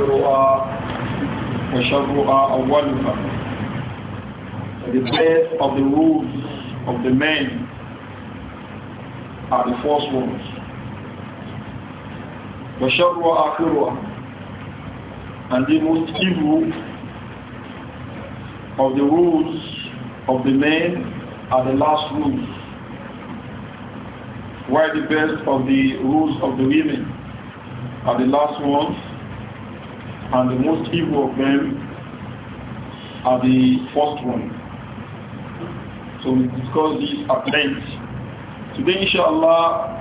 آخرها وشرها أولها The best of the rules of the men are the first ones. وشرها آخرها And the most evil of the rules of the men are the last rules. Why the best of the rules of the women are the last ones? and the most evil of them are the first one. So we discuss these at length. Today, inshallah,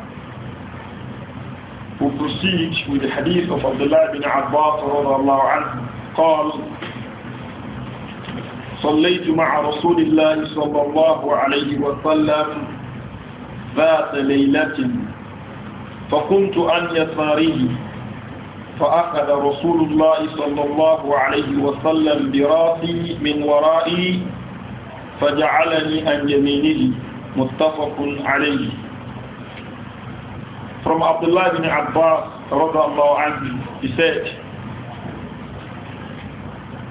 we will proceed with the hadith of Abdullah bin Abbas radiallahu anhu. قال صليت مع رسول الله صلى الله عليه وسلم ذات ليلة فقمت عن يساره فأخذ رسول الله صلى الله عليه وسلم براسي من ورائي فجعلني عن يمينه متفق عليه from Abdullah bin Abbas رضي الله عنه he said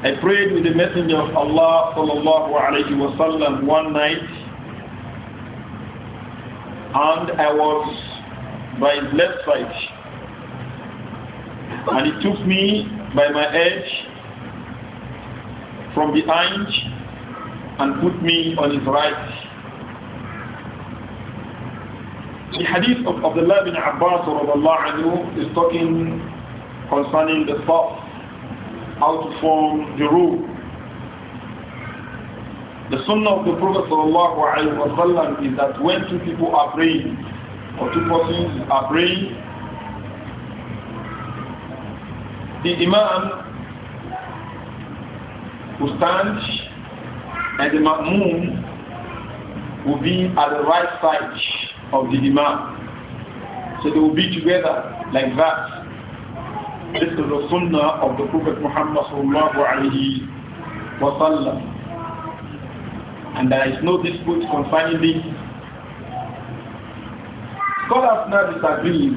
I prayed with the messenger of Allah صلى الله عليه وسلم one night and I was by his left side And he took me by my edge from behind and put me on his right. The hadith of Abdullah bin Abbas anhu, is talking concerning the thought, how to form the rule. The sunnah of the Prophet wasallam, is that when two people are praying, or two persons are praying, the imam who stands and the ma'mun will be at the right side of the imam. So they will be together like that. This is the sunnah of the Prophet Muhammad sallallahu alayhi wa sallam. And there is no dispute concerning this. Scholars now disagree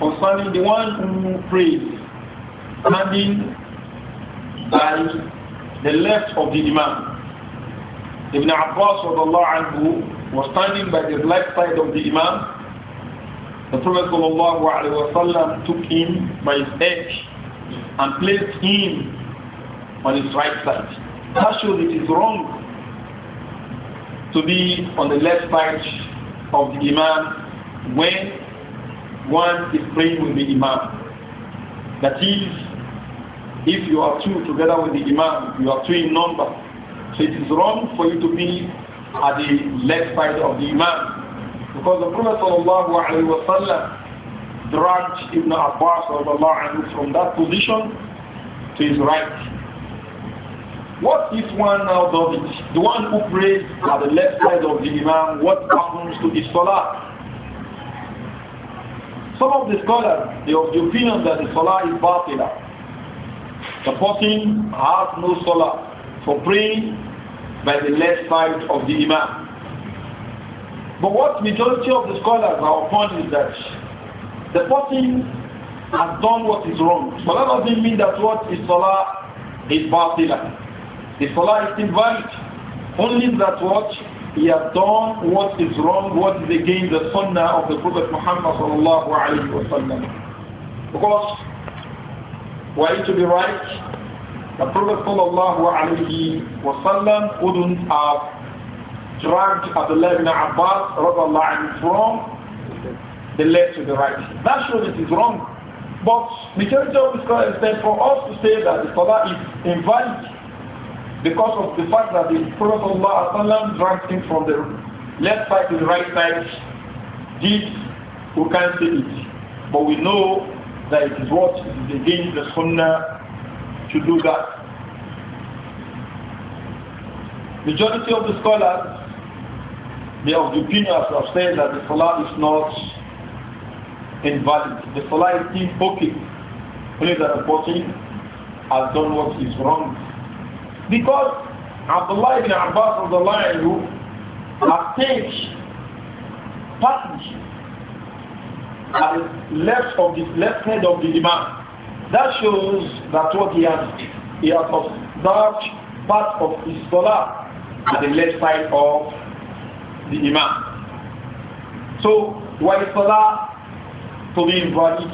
concerning the one who prays standing by the left of the Imam. Ibn Abbas anhu, was standing by the left side of the Imam. The Prophet وسلم, took him by his edge and placed him on his right side. That shows it is wrong to be on the left side of the Imam when one is praying with the Imam. That is if you are two together with the Imam, you are two in number. So it is wrong for you to be at the left side of the Imam. Because the Prophet ﷺ dragged Ibn Abbas from that position to his right. What if one now does it? The one who prays at the left side of the Imam, what happens to his salah? Some of the scholars, they have the opinion that the salah is baṭilah. The person has no salah for praying by the left side of the imam. But what majority of the scholars are upon is that the person has done what is wrong. But that doesn't mean that what is salah is bad. The salah is still valid. Only that what he has done what is wrong, what is against the sunnah of the Prophet Muhammad Because were it to be right, the Prophet وسلم, wouldn't have dragged Abdullah ibn Abbas anh, from the left to the right. That shows it is wrong. But majority of the scholars say for us to say that the Salah is invalid because of the fact that the Prophet ﷺ dragged him from the left side to the right side, this we can't see it. But we know that it is what is against the sunnah to do that. Majority of the scholars, they are the opinion, as I've said, that the salah is not invalid. The salah is still okay. Only that the person has done what is wrong. Because Abdullah ibn Abbas of the line who has taken at the left of the left hand of the imam. That shows that what he has he has observed part of his salah at the left side of the imam. So why salah to be invalid?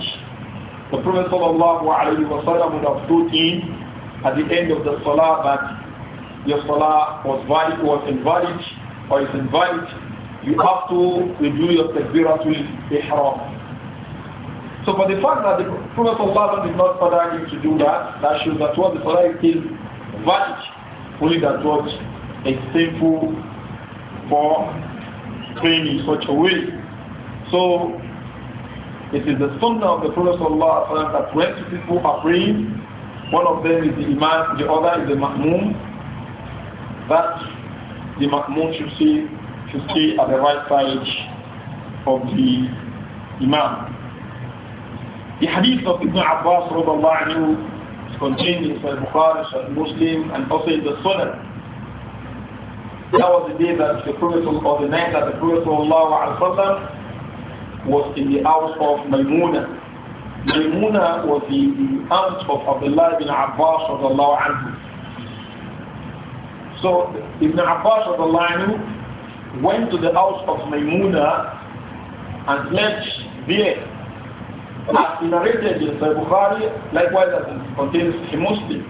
The Prophet sallallahu alaihi wasallam would have told him at the end of the salah that your salah was valid was invalid or is invalid. You have to review your takbiratul ihram. So for the fact that the Prophet Sallallahu did not order him to do that, that shows that what the Salah is still valid, only that what is sinful for praying in such a way. So it is the sunnah of the Prophet Sallallahu that when two people are praying, one of them is the Imam, the other is the Ma'mum, that the Ma'mum should stay, should stay at the right side of the Imam. The hadith of Ibn Abbas anhu, is contained in Sahih Bukhari, Sahih Muslim, and also in the Sunnah. That was the day that the Prophet, or the night that the Prophet was in the house of Maimuna. Maimuna was the, the aunt of Abdullah ibn Abbas. So Ibn Abbas went to the house of Maimuna and left there as narrated in Sahih Bukhari, likewise as it contains a Muslim,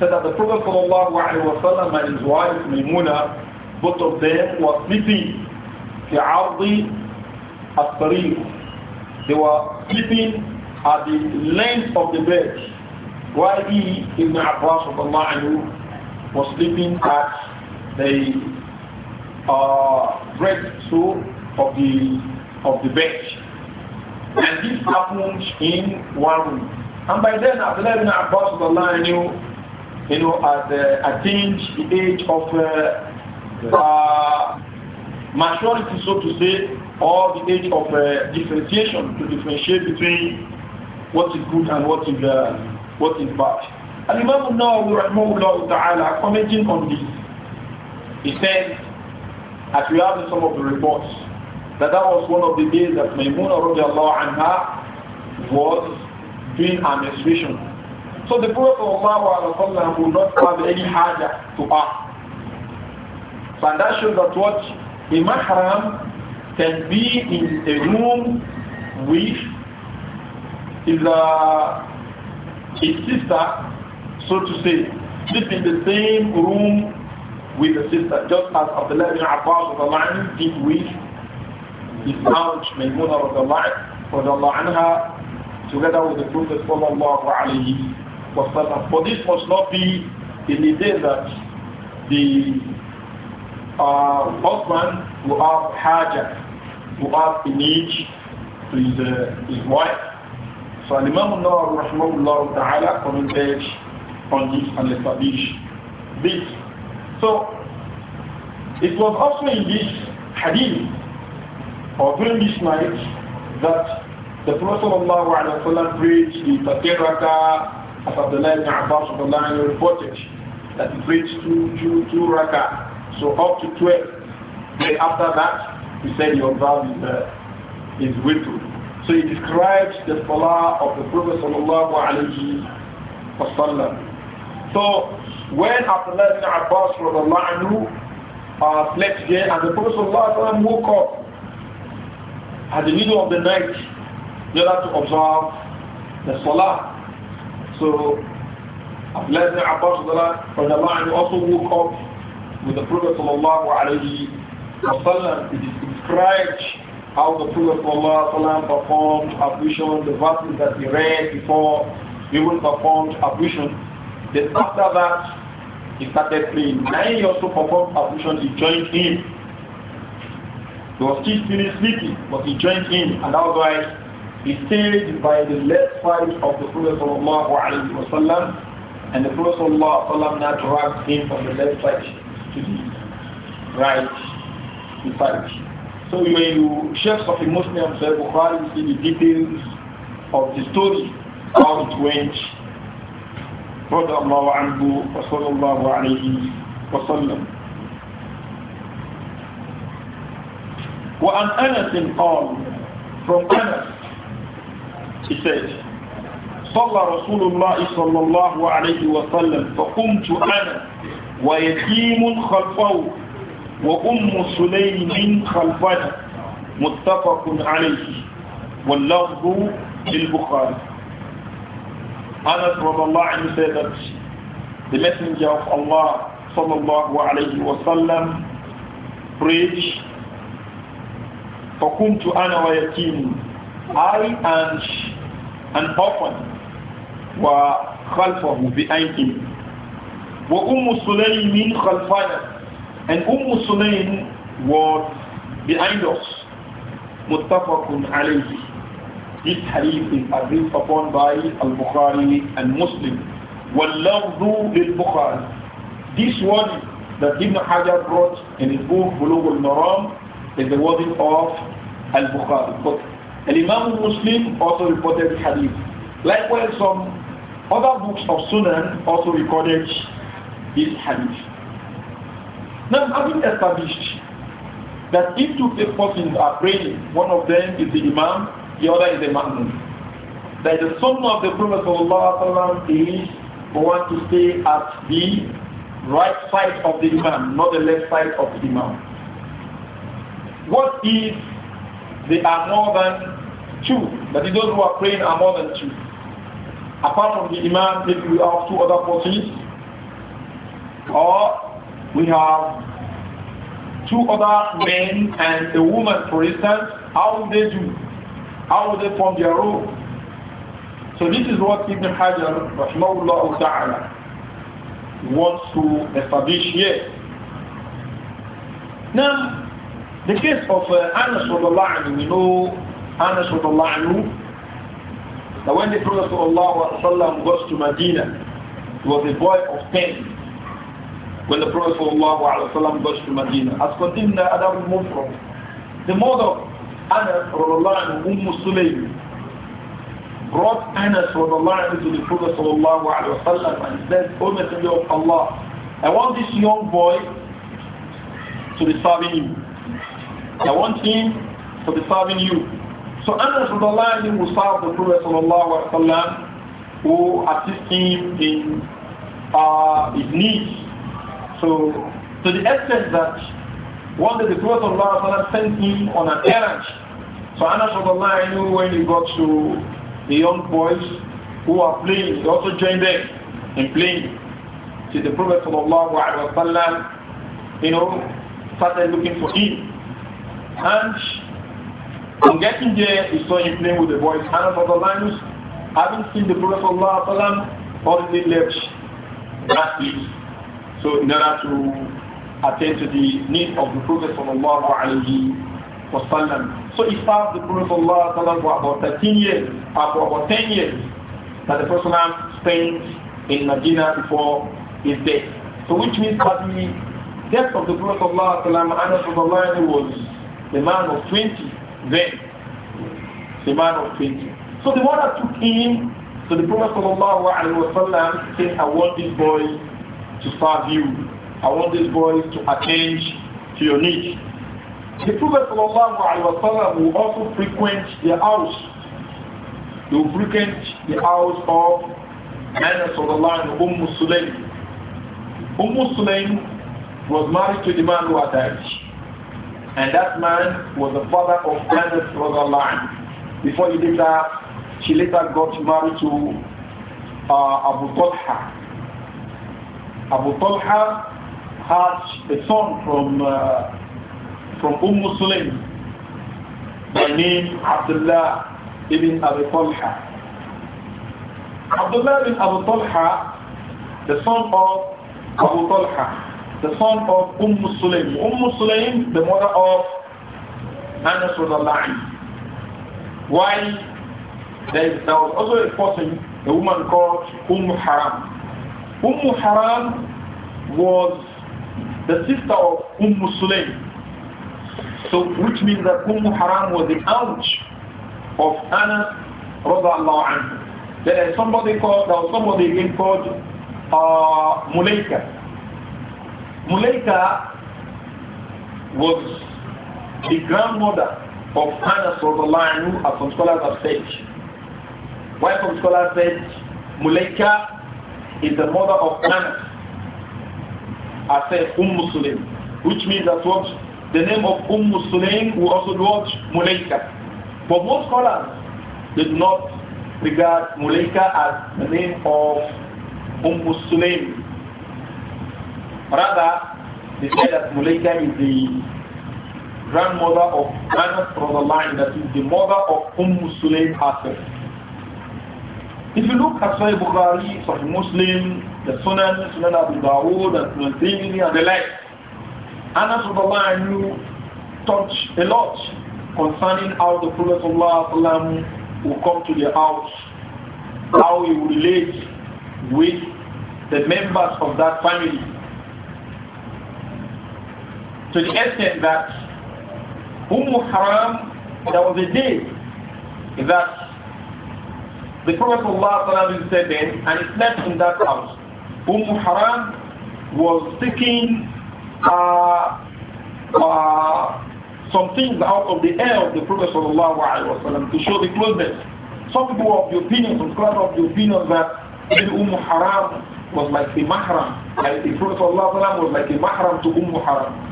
said that the Prophet sallallahu alaihi wasallam and his wife Maimuna, both of them were sleeping The عرض الطريق. They were sleeping at the length of the bed, while he, Ibn Abbas of Allah anhu, was sleeping at the uh, breadth of the of the bed. And this happened in one week. And by then, Abdullah ibn Abbas knew, you know, had uh, attained the age of uh, uh, maturity, so to say, or the age of uh, differentiation to differentiate between what is good and what is uh, what is bad. And Imam Nawawi rahimahullah ta'ala commenting on this, he says, as we have in some of the reports, that that was one of the days that Maimuna radiallahu anha was doing her menstruation. So the Prophet ﷺ would not have any haja to us. So and that shows that what a mahram can be in a room with his, uh, his sister, so to say, sleep in the same room with the sister, just as Abdullah ibn Abbas did with he found Maymuna anha together with the Prophet sallallahu alayhi wa For this must not be in the day that the uh, husband who have haja, who have a need to his, uh, his wife. So Imam Nawawi rahimahullah ta'ala commented on this and established this. So it was also in this hadith or during this night that the Prophet ﷺ preached the third rakah as Abdullah ibn Abbas reported that he preached two, two, two rakah, so up to 12. Then after that, he said he observed is uh, his witr. So he describes the salah of the Prophet ﷺ. So when Abdullah ibn Abbas anhu, uh, slept again, and the Prophet ﷺ woke up, at the middle of the night in order to observe the Salah. So Abdullah ibn Abbas also woke up with the Prophet sallallahu alayhi wa sallam. It is described how the Prophet sallallahu alayhi wa performed ablution, the verses that he read before even performed ablution. Then after that, he started praying. Then he also performed ablution, he joined him. He was still feeling sleepy, but he drank in, and otherwise, he stayed by the left side of the Prophet sallallahu alaihi wasallam, and the Prophet sallallahu alaihi wasallam now dragged him from the left side to the right side. So when you share of the Muslim say Bukhari, you see the details of the story, how it went. رضي الله عنه وصلى الله عليه وسلم وعن أنس قال from Anas he said صلى رسول الله صلى الله عليه وسلم فقمت أنا ويتيم خلفه وأم سليم خلفه متفق عليه واللفظ للبخاري Anas رضي الله عنه said that the messenger of Allah صلى الله عليه وسلم preached فَكُمْتُ أَنَا وَيَتِيمٌ I and an orphan were خلفه behind him. وَأُمُّ سُلَيْمٍ خَلْفَنَا And Umm Sulaym was behind us. مُتَّفَقٌ عَلَيْهِ This hadith is agreed upon by Al-Bukhari and Muslim. وَاللَّفْظُ لِلْبُخَارِ This one that Ibn Hajar brought in his book Bulugh al-Maram is the wording of Al-Bukhari. But Al-Imam Muslim also reported this hadith. Likewise, some other books of Sunan also recorded this hadith. Now, having established that if two persons are praying, one of them is the Imam, the other is the Ma'mun. That the Sunnah of the Prophet is for one to stay at the right side of the Imam, not the left side of the Imam. What if they are more than two? That is, those who are praying are more than two. Apart from the Imam, if we have two other persons, or we have two other men and a woman, for instance. How will they do? How will they form their role? So this is what Ibn Hajar, rahimahullah ta'ala, wants to establish here. Now, the case of uh, Anas radiallahu we know Anas radiallahu that when the Prophet sallallahu goes to Medina, he was a boy of 10 when the Prophet sallallahu goes to Medina. As continued in Adam mufram the mother of Anas radiallahu anhu, Umm Sulaym, brought Anas radiallahu to the Prophet sallallahu and said, O Messenger of Allah, I want this young boy to be serving you. I want him to be serving you. So Anas will serve the Prophet sallallahu alaihi wasallam who assist him in uh, his needs. So to the extent that one day the Prophet sallallahu alaihi wasallam sent him on an errand. So Anas knew when he got to the young boys who are playing, he also joined them in playing. So the Prophet sallallahu alaihi wasallam, you know, started looking for him. And on getting there, he saw him playing with the boys. Anas of the Linus, having seen the Prophet Sallallahu the left that place. So in order to attend to the need of the Prophet Sallallahu Alaihi Wasallam. So he served the Prophet Allah Alaihi for about 13 years, after uh, about 10 years that the Prophet spent in Medina before his death. So which means that the death of the Prophet Sallallahu Alaihi Wasallam was the man of 20 then. The man of 20. So the mother took him so the Prophet ﷺ said, I want this boy to serve you. I want this boy to attend to your needs. The Prophet ﷺ will also frequent the house. He will frequent the house of Anas and Umm Sulaim. Umm Sulaim was married to the man who had died. And that man was the father of brother, Line. Before he did that, she later got married to uh, Abu Talha. Abu Talha had a son from uh, from Umm Muslim by name Abdullah ibn Abu Talha. Abdullah ibn Abu Talha, the son of Abu Talha, the son of Umm Sulaim. Umm Sulaim, the mother of Anas Radalai. Why? there was also a person, a woman called Umm Haram. Umm Haram was the sister of Umm Sulaim. So, which means that Umm Haram was the aunt of Anas Radallahu anhu. There is somebody called, there was somebody again called uh, Mulaika. Muleika was the grandmother of Anas Rodolainu, as some scholars have said. Why some scholars said Mulaika is the mother of Hannah. I said Umm Muslim, which means that what the name of Umm Muslim will also be what? Mulaika. But most scholars did not regard Muleika as the name of Umm Muslim. Rather, they said that Mulaika is the grandmother of Anas from the line, that is the mother of Umm Sulaim herself. If you look at Sahih Bukhari, Sahih Muslim, the Sunan, Sunan Abu Dawood, and Sunan Tirmidhi, and the like, Anas knew touch a lot concerning how the Prophet Allah will come to the house, how he will relate with the members of that family to the extent that Umm Haram, there was a day that the Prophet ﷺ said then, and slept in that house. Umm Haram was taking uh, uh, some things out of the air of the Prophet ﷺ to show the closeness. Some people of the opinion, some scholars of the opinion that maybe Umm Haram was like the mahram, like the Prophet ﷺ was like the mahram to Umm Haram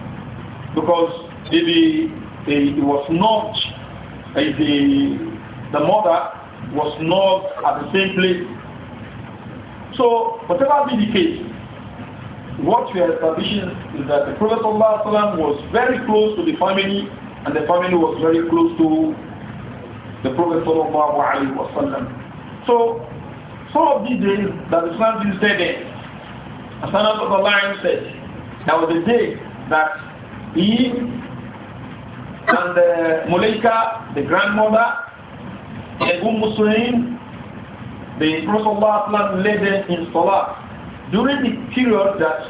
because maybe it was not eh, the the mother was not at the same place. So whatever be the case, what we are establishing is that the Prophet was very close to the family and the family was very close to the Prophet. So some of these days that Islam visited them, as another said, there was a day that he and uh, the grandmother, and Umm Muslim, the Prophet led them in Salah. During the period that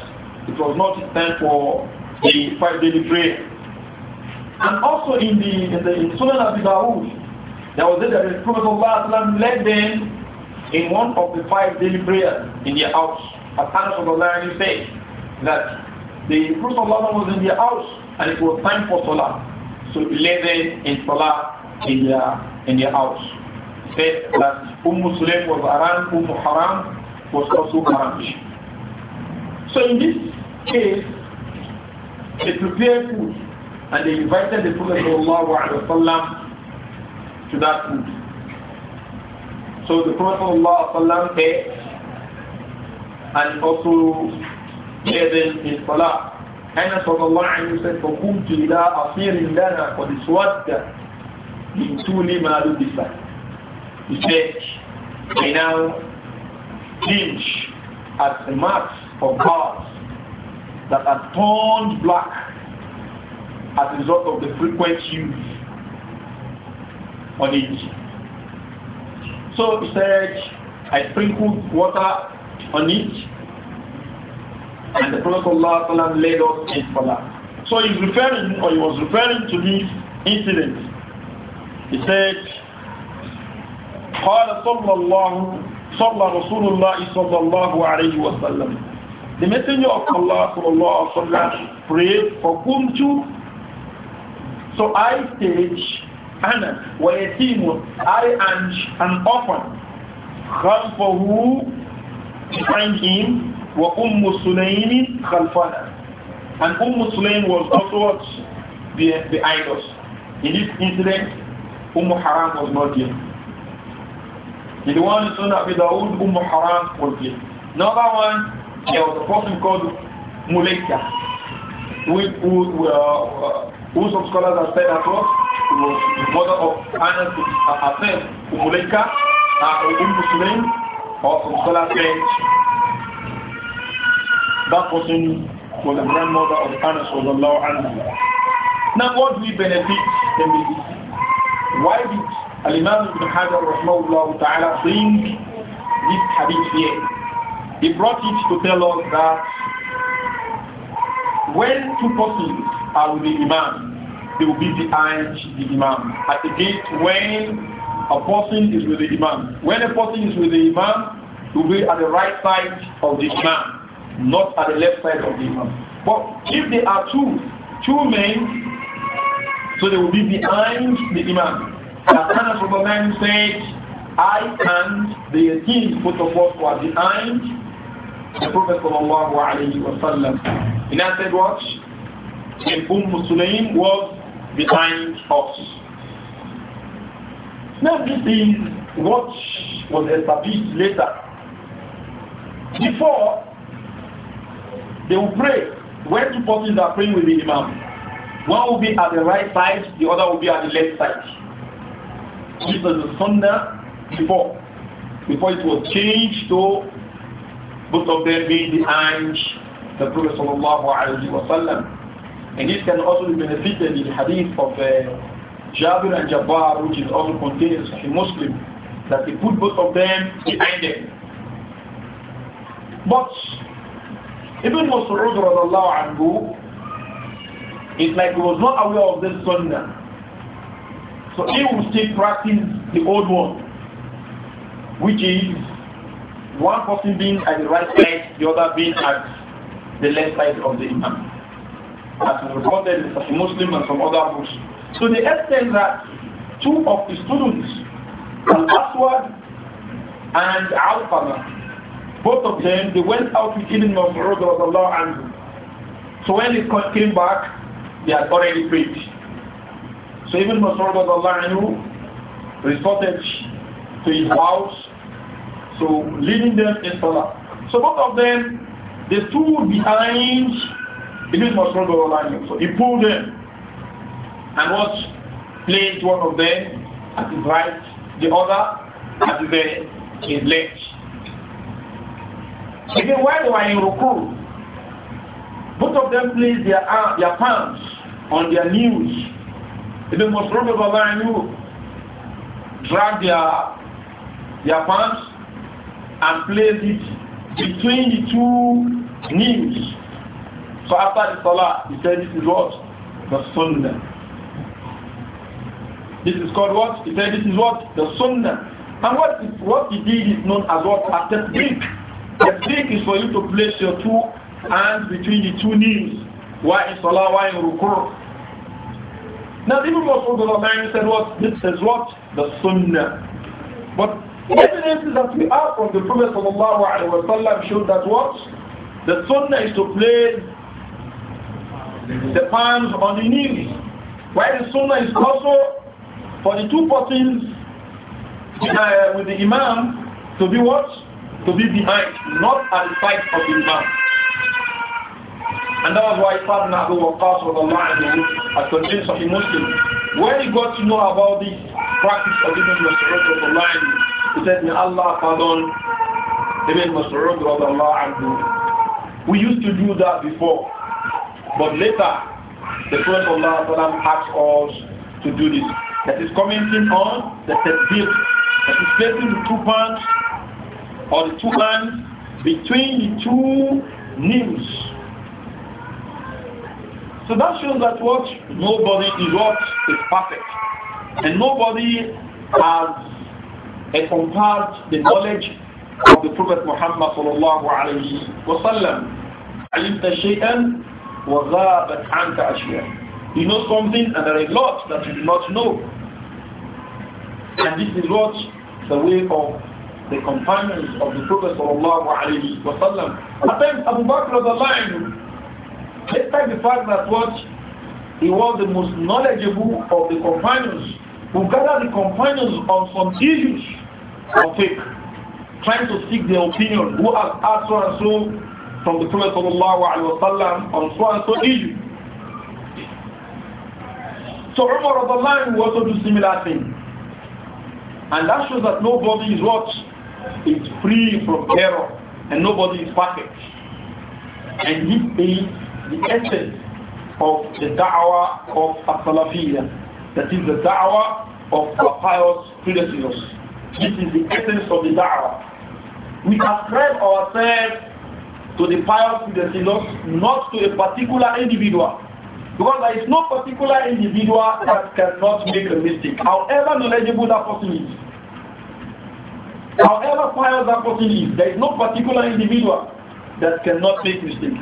it was not time for the five daily prayer. And also in the in the in Sunan Abi Dawud, there was that the Prophet led them in one of the five daily prayers in their house. As Anas said that the Prophet was in their house and it was time for Salah. So he led in Salah in their, in their house. said that Umm Sulaim was around, Umm Haram was also around. So in this case, they prepared food and they invited the Prophet to that food. So the Prophet ﷺ ate and also يد في الصلاة أنا صلى الله عليه وسلم فقمت إلى أصير لنا قد اسود من طول ما لبس He said, I now pinch at the marks of bars that are turned black as a result of the frequent use on it. So he said, I sprinkled water on it and the Prophet ﷺ laid us in for that. So he's referring, or he was referring to this incident. He said, قال صلى الله صلى رسول الله صلى الله عليه وسلم the messenger of Allah صلى الله عليه وسلم, prayed for whom Kumtu. So I stayed Anna wa yatimun, I and an orphan. Khalfahu behind him wa Umm Sulaym khalfana. And Umm Sulaym was also the, the idols. In this incident, Umm Haram was not there. In the one son of Abi Dawud, Haram was there. Another one, there was a person called Mulaika, who, who, uh, who some scholars have said that was the mother of Anas herself, Mulaika, uh, Umm Sulaym, or some scholars said that person was the grandmother of Anas radiallahu anhu. Now what we benefit from this? Why did Al-Imam ibn Hajar rahmahullah ta'ala bring this hadith here? He brought it to tell us that when two persons are with the Imam, they will be behind the Imam. At the gate, when a person is with the Imam, when a person is with the Imam, he will be at the right side of the Imam not at the left side of the imam. But if there are two, two men, so they will be behind the imam. And from of man said, I and the team put of us were behind the Prophet sallallahu alayhi wa sallam. him." I said what? And Umm Muslim was behind us. Now this is what was established later. Before, they will pray when two persons are praying with the Imam. One will be at the right side, the other will be at the left side. This is the Sunnah before. Before it was changed to both of them being behind the Prophet sallallahu alaihi wasallam. And this can also be benefited in the hadith of uh, Jabir and Jabbar, which is also contained in Muslim, that they put both of them behind them. But Ibn Mas'ud radiallahu anhu, it's like he was not aware of this sunnah. So he will still practice the old one, which is one person being at the right side, the other being at the left side of the imam. As reported from Muslim and from other books. So the extent that two of the students, Al-Aswad and Al-Qamah, both of them, they went out with Ibn Mas'ud anhu. So when they came back, they had already prayed. So Ibn Mas'ud anhu resorted to his house, so leading them in Salah. So both of them, they stood behind Ibn Mas'ud anhu. So he pulled them and was placed one of them at his right, the other at the, left. Even while they were in Ruku, both of them placed their, uh, their palms on their knees. most Masrud of knew, dragged their, their palms and placed it between the two knees. So after the Salah, he said this is what? The Sunnah. This is called what? He said this is what? The Sunnah. And what what he did is known as what? A tasbih. The trick is for you to place your two hands between the two knees. Why in Salah, why in Rukur? Now, the people of Allah said, what? This is what? The Sunnah. But evidences that we have from the Prophet wasallam showed that what? The Sunnah is to place the palms on the knees. While the Sunnah is also for the two persons uh, with the Imam to be what? to be behind, not at the side of the man, And that was why Ibn Abu Waqqas was Allah as contained of a Muslim. When he got to know about this practice of Ibn Mas'ud of line, he said, May Allah pardon Ibn Mas'ud of Allah. We used to do that before. But later, the Prophet of Allah asked us to do this. That is commenting on the tadbir. That is placing the two pants or the two hands between the two knees. So that shows that what nobody is what is perfect. And nobody has compared the knowledge of the Prophet Muhammad sallallahu alayhi wa sallam. علمت شيئا وغابت عنك أشياء. You know something and there is a lot that you do not know. And this is what the way of the companions of the Prophet sallallahu alayhi wa sallam. At times Abu Bakr radallahu despite the fact that what he was the most knowledgeable of the companions, who gathered the companions on some issues of faith, trying to seek their opinion, who has asked so and so from the Prophet sallallahu alayhi wa sallam on so and so issue. So Umar radallahu was also do similar thing. And that shows that nobody is what is free from error and nobody is perfect. And this is the essence of the da'wah of As-Salafiyya, is the da'wah of the pious predecessors. This is the essence of the da'wah. We ascribe ourselves to the pious predecessors, not to a particular individual. Because there is no particular individual that cannot make a mistake, however knowledgeable that person is. However fires that person is, there is no particular individual that cannot make mistakes.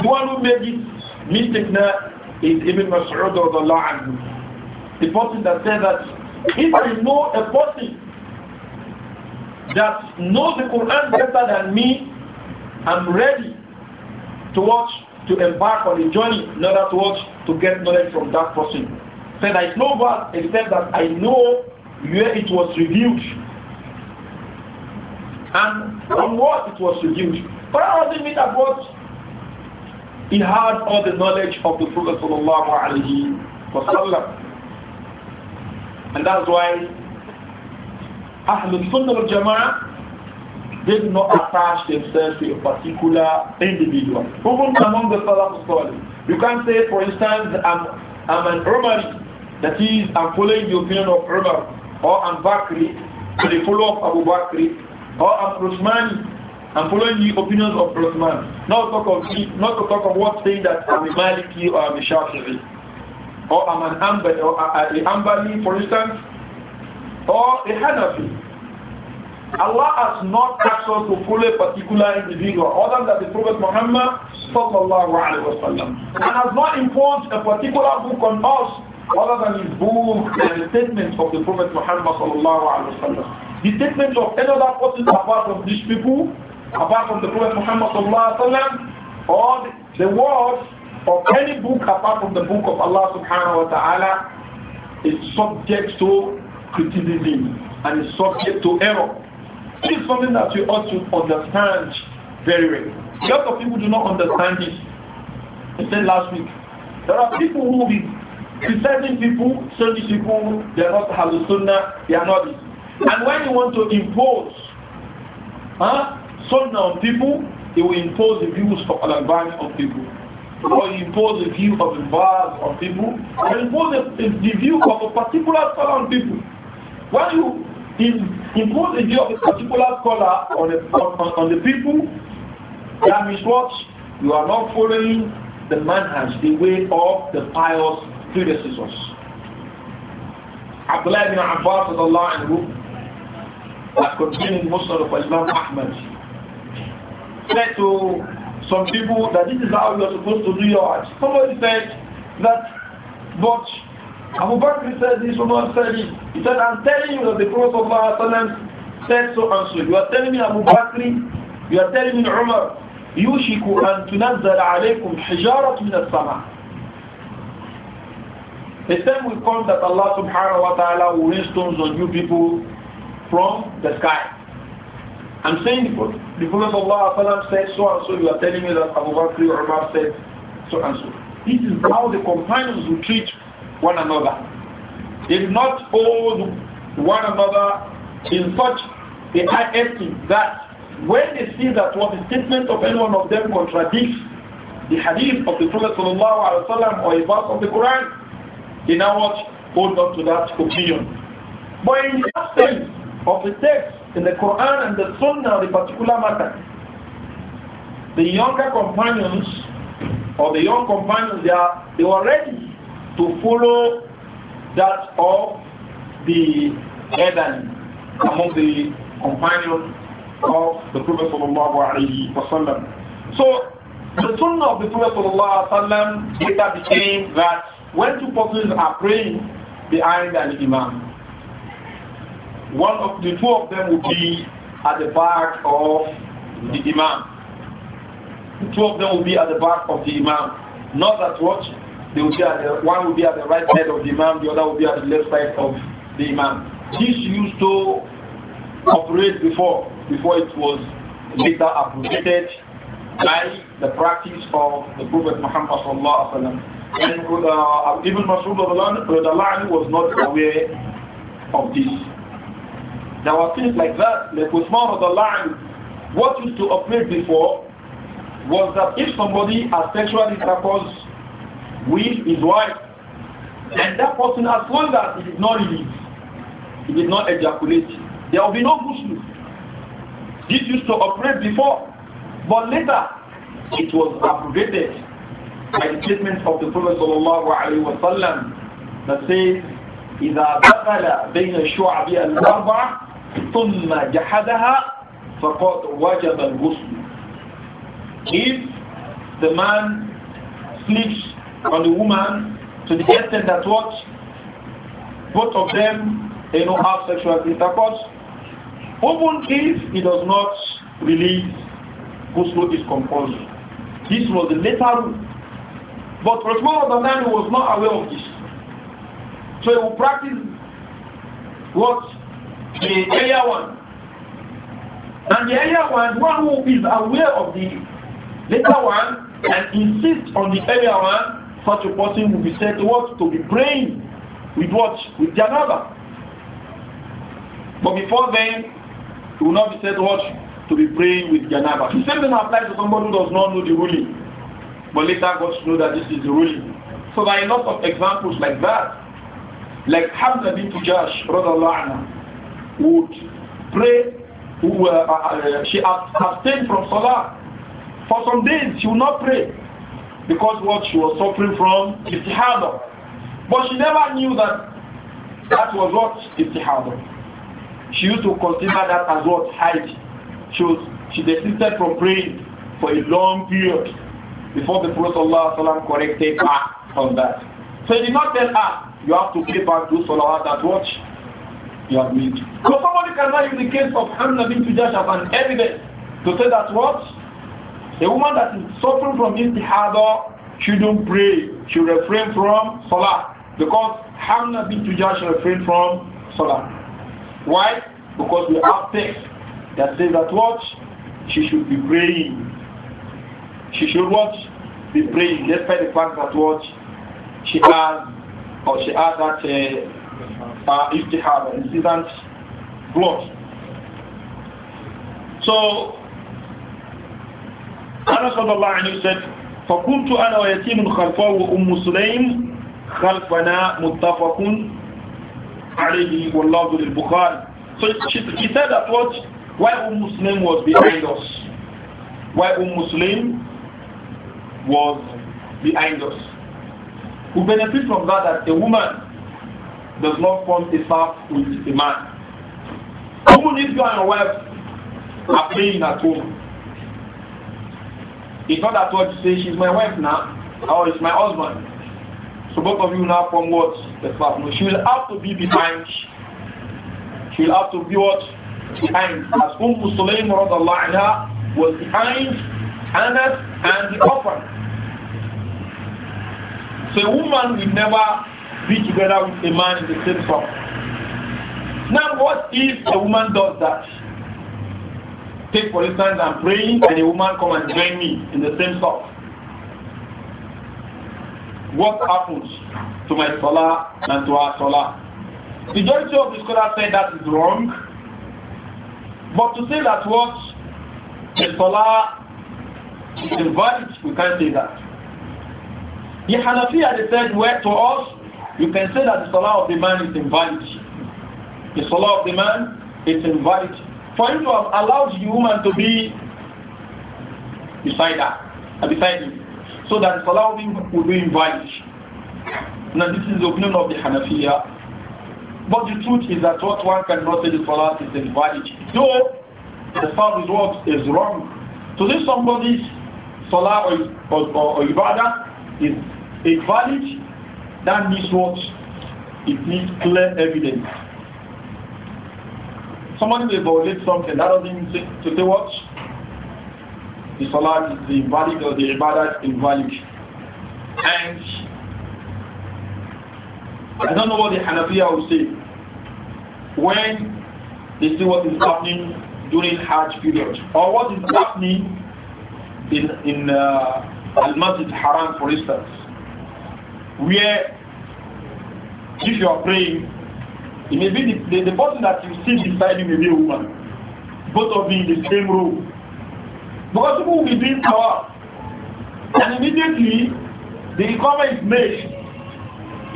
The one who made this mistake now is Ibn Mas'ud or the anhu. The person that said that if I know a person that knows the Quran better than me, I'm ready to watch, to embark on a journey in order to watch, to get knowledge from that person. Said so there is no except that I know where it was revealed and on what it was revealed. But that doesn't mean that what he had all the knowledge of the Prophet sallallahu alaihi wasallam. And that's why Ahlul Sunnah al Jama'ah did not attach themselves to a particular individual. Even among the Salaf scholars, you can say, for instance, I'm, I'm an Umari, that is, I'm following the opinion of Umar, or I'm Bakri, the follower of Abu Bakri, or I'm following the opinions of Uthman. Not talk of not to talk of what saying that I'm a Maliki or I'm a Shafi'i, or I'm an Amber or a, Ambali, for instance, or a Hanafi. Allah has not asked us to follow a particular individual other than the Prophet Muhammad sallallahu alaihi wasallam, and has not imposed a particular book on us other than his book and the statements of the Prophet Muhammad sallallahu alaihi wasallam the statement of any other person apart from these people, apart from the Prophet Muhammad sallallahu alaihi wasallam, or the, words of any book apart from the book of Allah subhanahu wa ta'ala is subject to criticism and is subject to error. This is something that you ought to understand very well. A lot of people do not understand this. I said last week, there are people who will be criticizing people, certain people, they are not Ahlul they are not and when you want to impose huh, sunnah on people, you will impose the views of the albani on people. Or you impose the view of the bars on people. Or impose the, the, view of a particular color on people. When you impose the view of a particular color on the, on, on the people, that means what? You are not following the manhaj, the way of the pious predecessors. Abdullah ibn Abbas, Allah, and who that contained most of Imam Ahmad said to some people that this is how you are supposed to do your Hajj. Somebody said that, but Abu Bakr said this, someone said it. He said, I'm telling you that the Prophet of Allah said so and so. You are telling me Abu Bakr, you are telling me Umar, يوشك أن تنزل عليكم حجارة من السماء. The time will come that Allah subhanahu wa ta'ala will rain stones on you people from the sky. I'm saying the Prophet, the Prophet Allah said so and so, you are telling me that Abu Bakr or Umar said so and so. This is how the companions will treat one another. They do not hold one another in such a high esteem that when they see that what the statement of any one of them contradicts the hadith of the Prophet sallallahu alaihi wasallam or a verse of the Quran, they now what hold on to that opinion. But in that sense, of the text in the Quran and the Sunnah of the particular matter. The younger companions or the young companions, they, are, they were ready to follow that of the and among the companions of the Prophet sallallahu alaihi wasallam. So the sunnah of the Prophet sallallahu alaihi wasallam later became that when two persons are praying behind an imam, one of the two of them will be at the back of the imam. The two of them will be at the back of the imam. Not that what they will be at the one will be at the right side of the imam, the other will be at the left side of the imam. This used to operate before, before it was later abrogated by the practice of the Prophet Muhammad sallallahu alaihi wasallam. And uh, Ibn Masud was not aware of this. There were things like that, like Uthman of the line. What used to operate before was that if somebody has sexual intercourse with his wife, and that person, as long as he did not release, he did not ejaculate, there will be no ghusl. This used to operate before, but later it was abrogated by the statement of the Prophet wasallam that says, إذا دخل بين الشعب الأربعة ثم جحدها وجب الغسل if the man sleeps on the woman to the extent that what both of them they know have sexual intercourse even if he does not release ghusl is compulsory this was the later rule but Rasman Rabbanan was not aware of this so he will practice what the earlier one. And the earlier one, one who is aware of the later one and insists on the earlier one, such a person will be said to what? To be praying with what? With janaba. But before then, he will not be said what? To be praying with janaba. The same thing applies to somebody who does not know the ruling. But later got to know that this is the ruling. So there are a lot of examples like that. Like Hamza bin Tujash, brother Allah would pray, who, uh, uh, uh she abstained from Salah. For some days, she would not pray because what she was suffering from is istihada. But she never knew that that was what istihada. She used to consider that as what hide. She, was, she desisted from praying for a long period before the Prophet ﷺ corrected her on that. So he did not tell her, you have to pay back to Salah that watch you have made. So somebody cannot use the case of Hamna bin Tujash as an evidence to say that what? A woman that is suffering from istihada shouldn't pray, she refrain from salah. Because Hamna bin Tujash refrain from salah. Why? Because we have text that says that what? She should be praying. She should what? Be praying despite the fact that what? She has or she has that uh, if they have incident blood. So, Anas sallallahu said, فَكُنْتُ أَنَا وَيَتِيمٌ خَلْفَهُ وَأُمُّ سُلَيْمٌ خَلْفَنَا مُتَّفَقٌ عَلَيْهِ وَاللَّهُ لِلْبُخَارِ So she, she said that what, why Umm Muslim was behind us. Why Umm Muslim was behind us. We benefit from that that a woman does not form a start with a man. Even if you and your wife are playing at home, it's not at what to say, she's my wife now, or it's my husband. So both of you now form what? The pact. No, she will have to be behind. She will have to be what? Behind. As Umm Sulaim was behind Anas and the orphan. So a woman will never be together with a man in the same form. Now, what if a woman does that? Take, for instance, I'm praying and a woman come and join me in the same spot. What happens to my salah and to our salah? Majority of the scholars say that is wrong. But to say that what the salah is invalid, we can't say that. The Hanafi had said, where to us, you can say that the salah of the man is invalid. The salah of the man is invalid. For him to have allowed the woman to be beside her, uh, beside him, so that the salah of him would be invalid. Now this is the opinion of the Hanafiya. But the truth is that what one cannot say the salah is invalid. Though the sound is what is wrong. To so this somebody's salah or, or, or, or ibadah is invalid that means what? It needs clear evidence. Somebody may violate something, that doesn't mean to, to say what? The salah is invalid or the ibadah is invalid. And I don't know what the Hanafiya will say. When they see what is happening during Hajj period, or what is happening in, in uh, Al-Masjid Haram, for instance, where if you are praying, it may be the, the, the person that you see beside you may be a woman. Both of you in the same room. Because people will be doing power. And immediately, the recovery is made.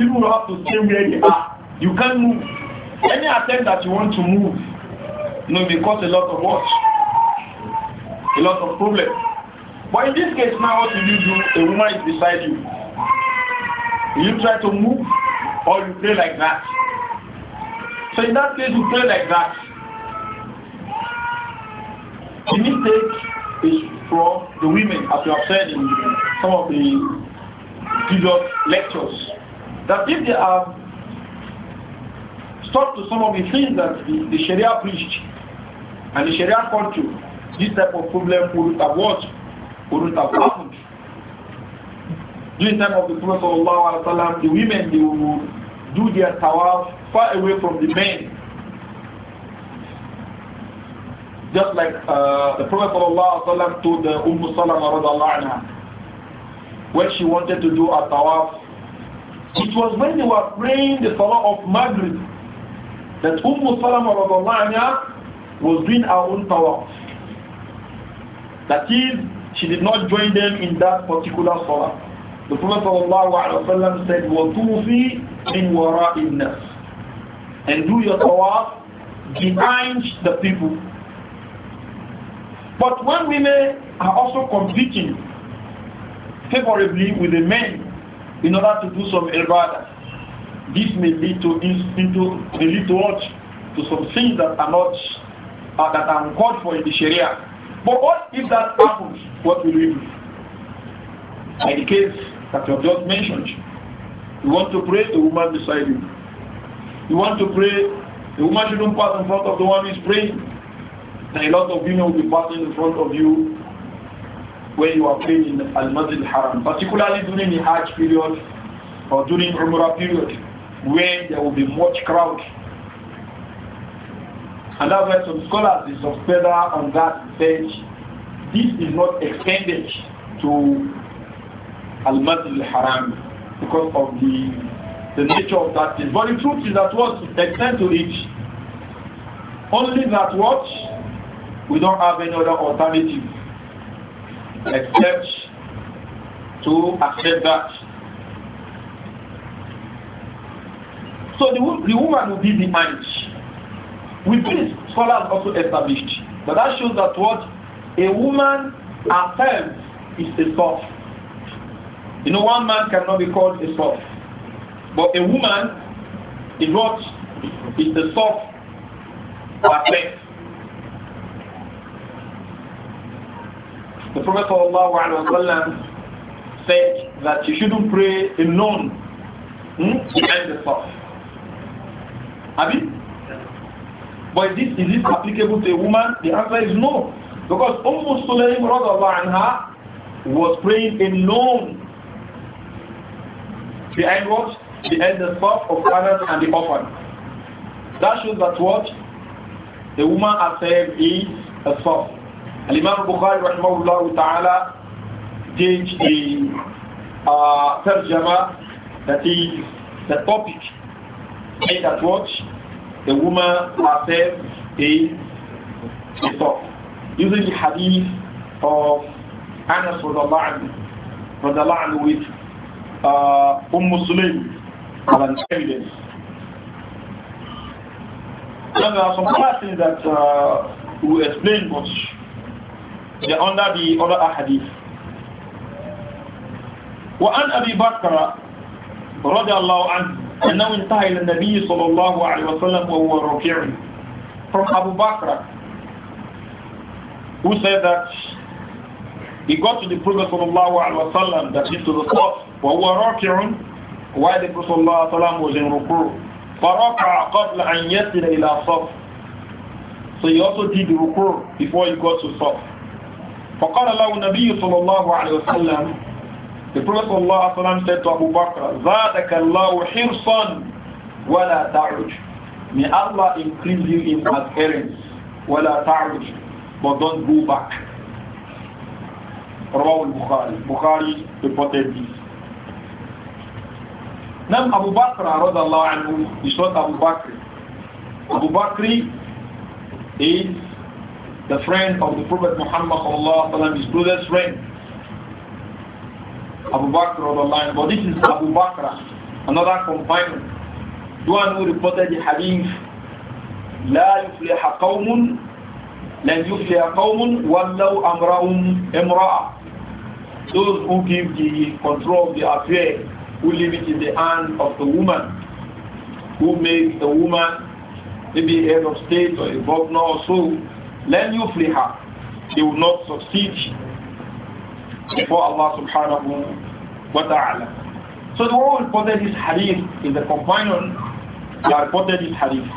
People will have to stay where they are. You can't move. Any attempt that you want to move, you know, may cause a lot of what? A lot of problems. But in this case now, what will you do? A woman is beside you. You try to move or you play like that. So in that case, you play like that. The mistake is from the women, as you have said in some of the previous lectures, that if they have stuck to some of the things that the, the Sharia preached and the Sharia culture, this type of problem wouldn't have what? Wouldn't have happened. During time of the Prophet sallallahu alaihi wasallam, the women they will do their tawaf far away from the men. Just like uh, the Prophet sallallahu alaihi wasallam told the Umm Salama radiallahu anha when she wanted to do a tawaf. It was when they were praying the salah of Maghrib that Umm Salama radiallahu anha was doing her own tawaf. That is, she did not join them in that particular salah. The Prophet ﷺ said, "Watufi مِنْ وَرَاءِ النَّاسِ And do your tawaf behind the people. But when women are also competing favorably with the men in order to do some ibadah, this may lead to into may lead to what? To some things that are not uh, that are uncalled for in the Sharia. But what if that happens? What will we do? In the case that you just mentioned. You want to pray, the woman beside you. You want to pray, the woman shouldn't pass in front of the one who is praying. And a lot of women will be passing in front of you when you are praying in Al-Masjid Haram, particularly during the Hajj period or during Umrah period, where there will be much crowd. And that's why some scholars is of on that bench. This is not extended to al al-Haram because of the, the nature of that place. But the truth is that what extend to it, only that what we don't have any other alternative except to accept that. So the, the woman will be behind. With this, scholars also established that that shows that what a woman herself is a source. You know, one man cannot be called a soft. But a woman is what is the soft athlete. The Prophet said that you shouldn't pray a non hmm, behind the soft. Have you? But this, is this applicable to a woman? The answer is no. Because Umm Sulaim her, was praying alone Behind what? Behind the thought of others and the orphan. That shows that what? The woman herself is a soft. Al-Imam Bukhari rahimahullah ta'ala did the uh, tarjama that is the topic in that what? The woman herself is a soft. Using the hadith of Anas radiallahu anhu with uh, Umm Muslim as an evidence. Now there are some other things that uh, we explain, but they're under the other ahadith. وعن أبي بكر رضي الله عنه أنه انتهى إلى النبي صلى الله عليه وسلم وهو ركيع from Abu Bakr who said that he got to the Prophet صلى الله عليه وسلم that he to the south وهو راكع وعد الرسول صلى الله عليه وسلم was in ruku فركع قبل أن يصل إلى صف So he also did ruku before he got to صف فقال له النبي صلى الله عليه وسلم The Prophet صلى الله عليه وسلم said to Abu Bakr زادك الله حرصا ولا تعرج May Allah increase you in adherence ولا تعرج But don't go back رواه البخاري Bukhari reported this Now Abu Bakr anhu, is not Abu Bakr. Abu Bakr is the friend of the Prophet Muhammad, his closest friend. Abu Bakr anhu. But this is Abu Bakr, another companion. The one who reported the hadith, لا يفلح قوم لن يفلح قوم ولو أمرأهم امرأة. Those who give the control of the affair who leave it in the hand of the woman, who makes the woman maybe head of state or a governor or so, then you flee her. she will not succeed before Allah subhanahu wa ta'ala. So the one who reported this hadith is the companion that reported this hadith.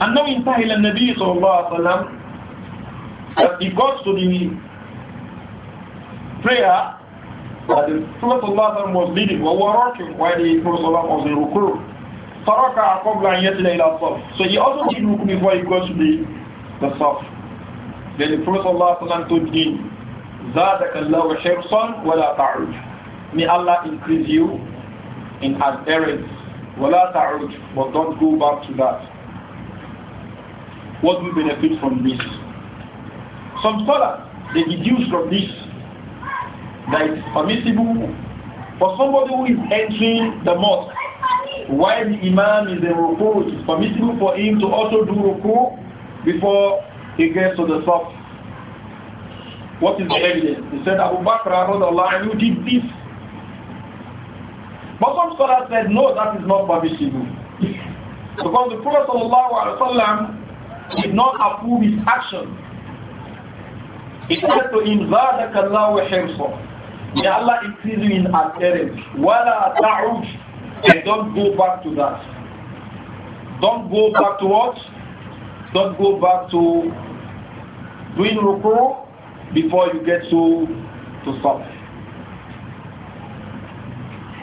And now in Tahil al-Nabi sallallahu alayhi wa sallam, that he got to the prayer that the Prophet ﷺ was leading, while rocking, while the Prophet ﷺ was in ruku. Faraka qabla an yatla ila saf. So he also did ruku before he got to the, the saf. Then the Prophet ﷺ told him, زادك الله حرصا ولا تعود. May Allah increase you in adherence. ولا تعود. But don't go back to that. What will benefit from this? Some scholars, they deduce from this that it's permissible for somebody who is entering the mosque while the imam is in ruku, it is permissible for him to also do ruku before he gets to the top. What is the evidence? He said Abu Bakr you did this. But some scholars said no, that is not permissible. because the Prophet ﷺ did not approve his action. He said to him, ذَٰذَكَ اللَّهُ حِرْصًا May Allah increase you in adherence. Wala ta'ud. And don't go back to that. Don't go back to what? Don't go back to doing ruku before you get to to stop.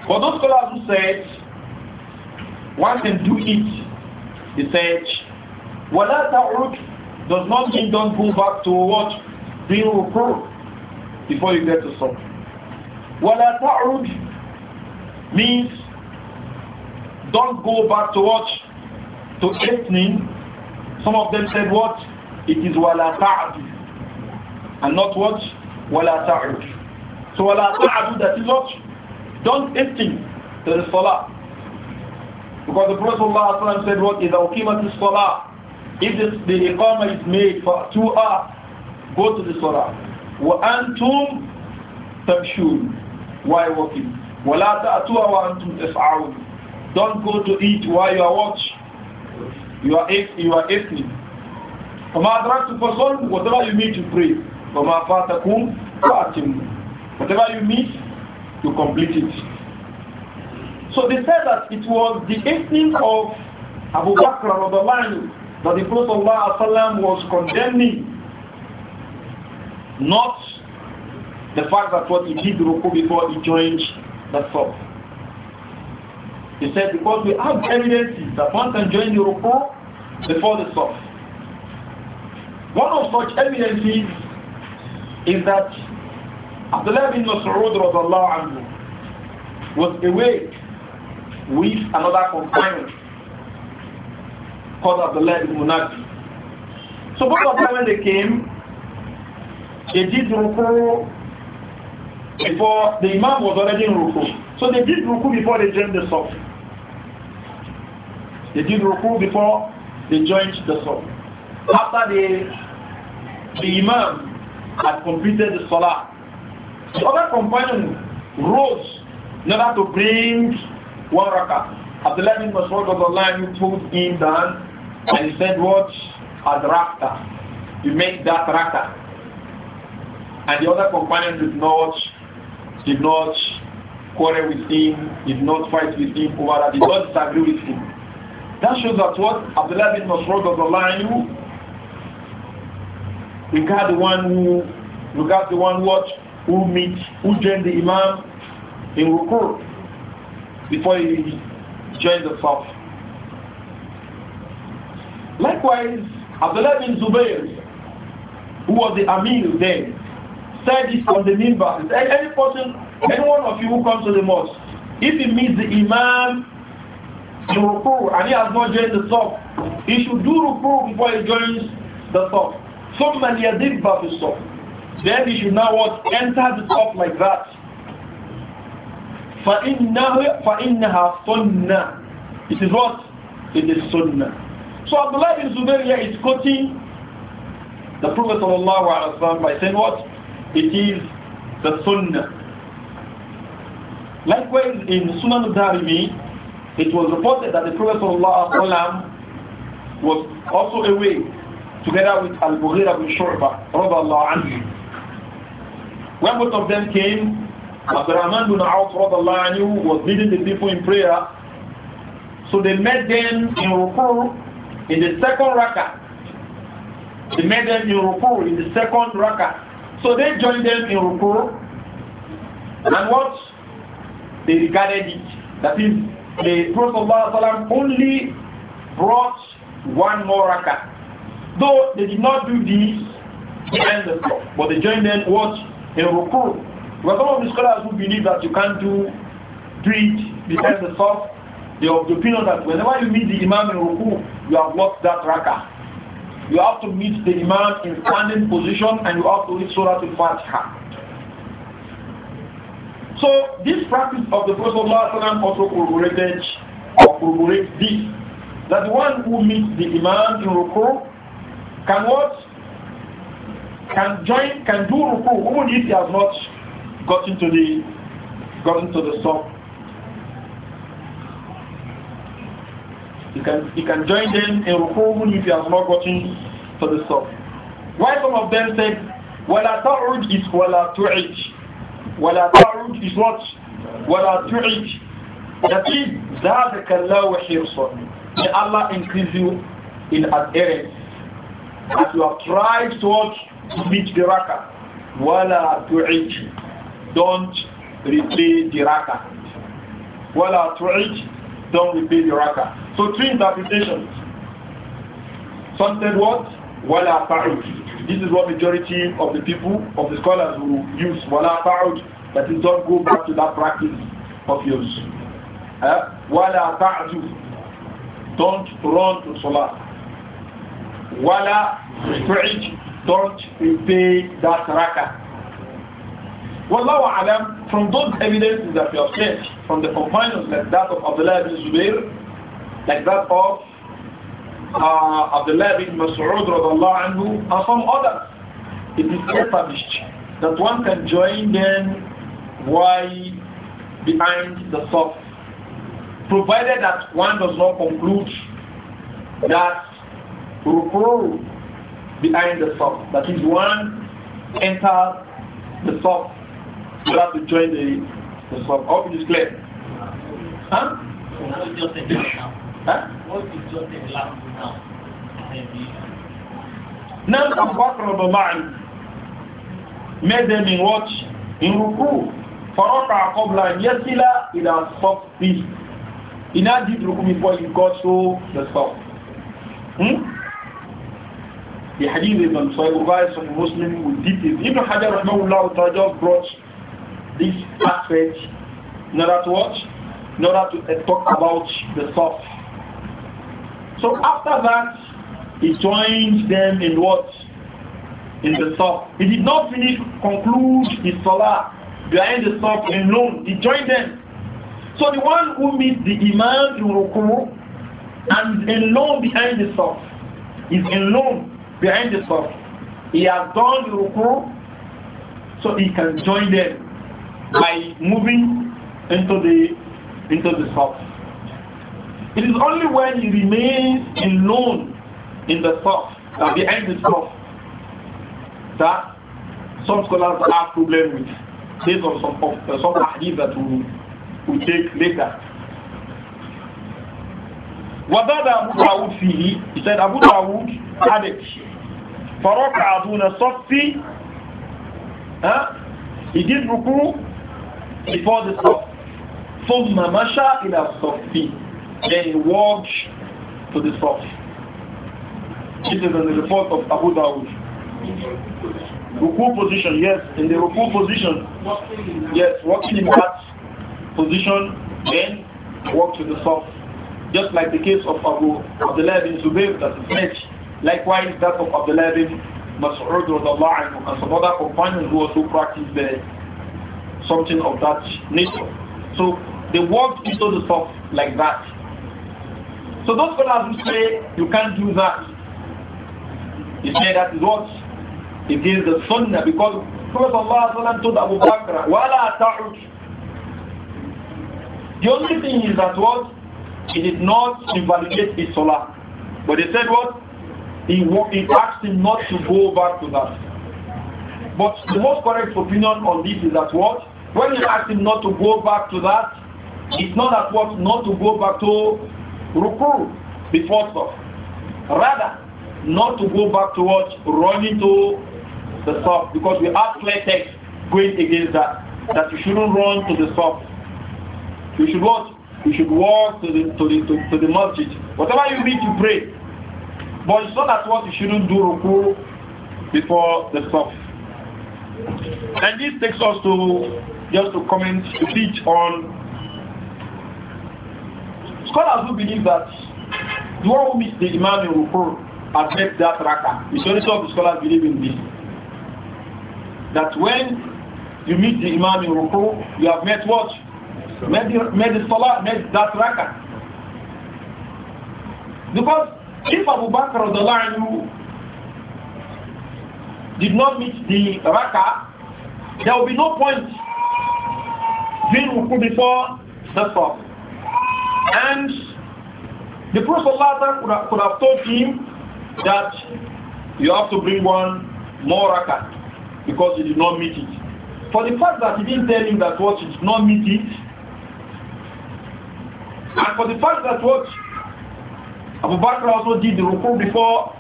For those scholars who said one can do it, they said wala ta'ud does not mean don't go back to what? Doing ruku before you get to stop. وَلَا تَعْرُجْ means don't go back to watch To evening. Some of them said what? It is وَلَا تَعْرُجْ and not what? وَلَا تَعْرُجْ So وَلَا تَعْرُجْ that is what? Don't evening to the salah. Because the Prophet ﷺ said what? إِذَا is salah If the, the iqama is made for two hours, go to the salah. وَأَنْتُمْ تَمْشُونَ while walking. وَلَا تَأْتُوَا وَأَنْتُمْ تَسْعَوْنَ Don't go to eat while you are watching. You are eating. You are eating. فَمَا أَدْرَكْتُ Whatever you meet, you pray. فَمَا فَاتَكُمْ فَأَتِمْ Whatever you meet, you complete it. So they said that it was the evening of Abu Bakr al-Adalan that the Prophet Allah was condemning not the fact that what he did Ruku before he joined the sub. He said, because we have evidences that one can join the Ruku before the sub. One of such evidences is that Abdullah bin Mas'ud was away with another companion called Abdullah ibn Munafi. So both of them when they came, they did report before the Imam was already in Ruku. So they did Ruku before they joined the Saf. They did Ruku before they joined the Saf. After the, the Imam had completed the Salah, the other companion rose in order to bring one rakah. Abdullah bin Mas'ud of the line put him down and he said, What? Adrakta. You make that rakah. And the other companion did not did not quarrel with him, did not fight with him over that, did not disagree with him. That shows that what Abdullah bin Masrud of the You regard the one who regard the one what who meets who joined the Imam in Rukur before he joined the South. Likewise, Abdullah bin Zubayr, who was the Amir then, said it on the minbar. Any person, any one of you who comes to the mosque, if he meets the imam in ruku and he has not joined the talk, he should do ruku before he joins the sop. ثم يذب the talk. Then he should now what? Enter the talk like that. فإنه فإنها سنة. It is what? It is sunnah. So Abdullah ibn Zubair is quoting the Prophet of Allah by saying what? It is the Sunnah. Likewise, in Sunan al-Darimi, it was reported that the Prophet ﷺ was also away together with Al-Mughira bin Shu'bah anhu. When both of them came, Abdurrahman bin Auf anhu, was leading the people in prayer. So they met them in Ruku in the second rakah. They met them in Ruku in the second rakah. So they joined them in Ruku and what? They regarded it. That is, the Prophet only brought one more rakah. Though they did not do this behind the floor, but they joined them what? In Ruku. Because some of the scholars who believe that you can't do, do it behind the floor, they have the opinion that whenever you meet the Imam in Ruku, you have lost that rakah. You have to meet the Imam in standing position and you have to read Surah Al-Fatiha. So this practice of the Prophet also corroborated or corroborates this, that the one who meets the Imam in Ruku can what? Can join, can do Ruku even if he has not gotten to the gotten to the stop. You can, you can join them in Rukumun if you have not gotten to the stuff. Why some of them said, Wala ta'ud is wala tu'ij. Wala ta'ud is what? Wala tu'ij. That is, زَادَكَ اللَّهُ حِرْصًا May Allah increase you in adherence. As you have tried to watch, meet the raka. Wala tu'ij. Don't repay the raka. Wala tu'ij. Don't repay the raka. So three interpretations. Some said what? Wala ta'ud. This is what majority of the people, of the scholars who use wala ta'ud, that is don't go back to that practice of yours. Eh? Wala ta'ju. Don't run to salah. Wala tu'ij. Don't repay that raka. Wallahu alam, from those evidences that we have seen, from the companions like that of Abdullah ibn Zubair, like that of uh, Abdullah bin Mas'ud anhu, and some others. It is established that one can join them while behind the soft, provided that one does not conclude that rukru behind the soft, that is one enter the soft you have to join the, the swap. I hope it is clear. Huh? What is your thing last now? Now Abu Bakr al made them in watch in ruku. فرقع قبل أن يصل إلى الصف He now did ruku before he got to the soft. Hmm? The hadith is on Sahih Bukhari, Sahih Muslim, with details. Ibn Hajar Rahmahullah just brought this aspect in order to watch, in order to talk about the soft. So after that, he joined them in what? In the South. He did not finish, conclude his Salah behind the South alone. He joined them. So the one who meets the Imam in Ruku and alone behind the South is alone behind the South. He has done the Ruku so he can join them by moving into the into the South. It is only when he remains alone in the self, uh, behind the self, that some scholars have problem with, based on some of uh, some hadith that we will take later. وَذَادَ أَبُو دَاوُدْ فِيهِ He said, Abu Dawud added, فَرَكَعَ دُونَ صَفِّ huh? He did ruku before the stop. ثُمَّ مَشَى إِلَى الصَّفِّ then he walked to the spot. This is in the report of Abu Dawud. Ruku position, yes, in the ruku position, yes, walking in that position, then walk to the south. Just like the case of Abu Abdullah bin Zubayr that is mentioned. Likewise, that of Abdullah bin Mas'ud and some other companions who also practiced the, something of that nature. So they walked into the south like that. So those scholars who say you can't do that, he said that is what? It is the sunnah because Prophet Allah told Abu Bakr, Wala ta'ud. The only thing is that what? He did not invalidate his salah. But they said what? He, he asked him not to go back to that. But the most correct opinion on this is that what? When he asked him not to go back to that, it's not that what not to go back to ruku, the soft, Rather, not to go back towards running to the stop because we have clear text going against that. That you shouldn't run to the stop. You should what? You should walk to the to the to, to the masjid. Whatever you need to pray. But it's not at what you shouldn't do ruku before the stop. And this takes us to just to comment a bit on Scholars who believe that the one who meets the Imam in Rukur met that Raka. It's only some scholars believe in this. That when you meet the Imam in Rukur, you have met what? Met the, met the met that Raka. Because if Abu Bakr the line did not meet the Raka, there will be no point being Rukur before the Salah. And the Prophet Allah could have, could have told him that you have to bring one more rakat because he did not meet it. For the fact that he didn't tell him that what he did not meet it, and for the fact that what Abu Bakr also did the ruku before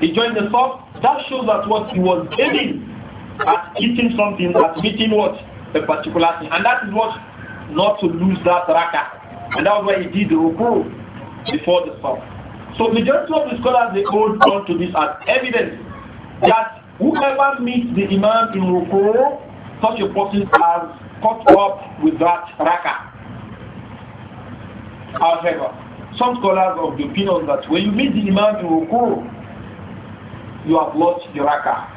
he joined the soft, that shows that what he was aiming at eating something, at meeting what a particular thing. And that is what not to lose that raka, And that's why he did the ruku before the sun. So majority of the scholars they hold on to this as evidence that whoever meets the imam in ruku, such a person has caught up with that raka. However, some scholars of the opinion that when you meet the imam in ruku, you have lost the raka.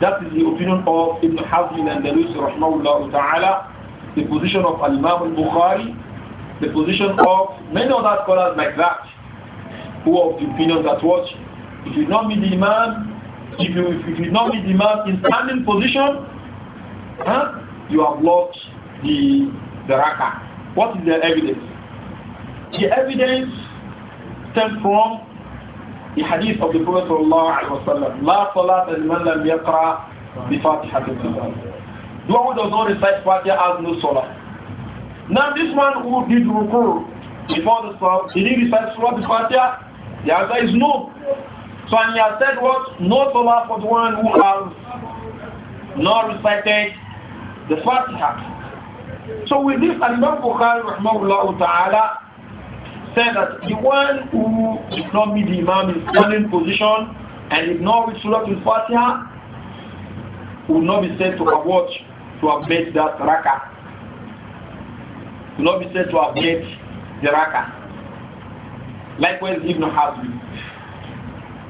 That is the opinion of Ibn Hazm and the Lewis Rahmahullah Ta'ala the position of Al Imam al-Bukhari, the position of many other scholars like that, who are of the opinion that what, if you not meet the Imam, if you, if you not meet the Imam in standing position, huh, you have lost the, the raka. What is the evidence? The evidence stems from the hadith of the Prophet sallallahu alaihi wasallam. لا صلاة لمن لم يقرأ بفاتحة الكتاب. The one who does not recite Fatiha has no salah. Now this one who did rukur before the salah, he did he recite Surah Fatiha? The answer is no. So and he has said what? No salah for the one who has not recited the Fatiha. So with this, Imam Bukhari rahmahullah ta'ala said that the one who did not meet the Imam in standing position and did not read Surah Al-Fatiha will not be sent to have watched to have made that raka. To not be said to have made the raka. Likewise, Ibn house.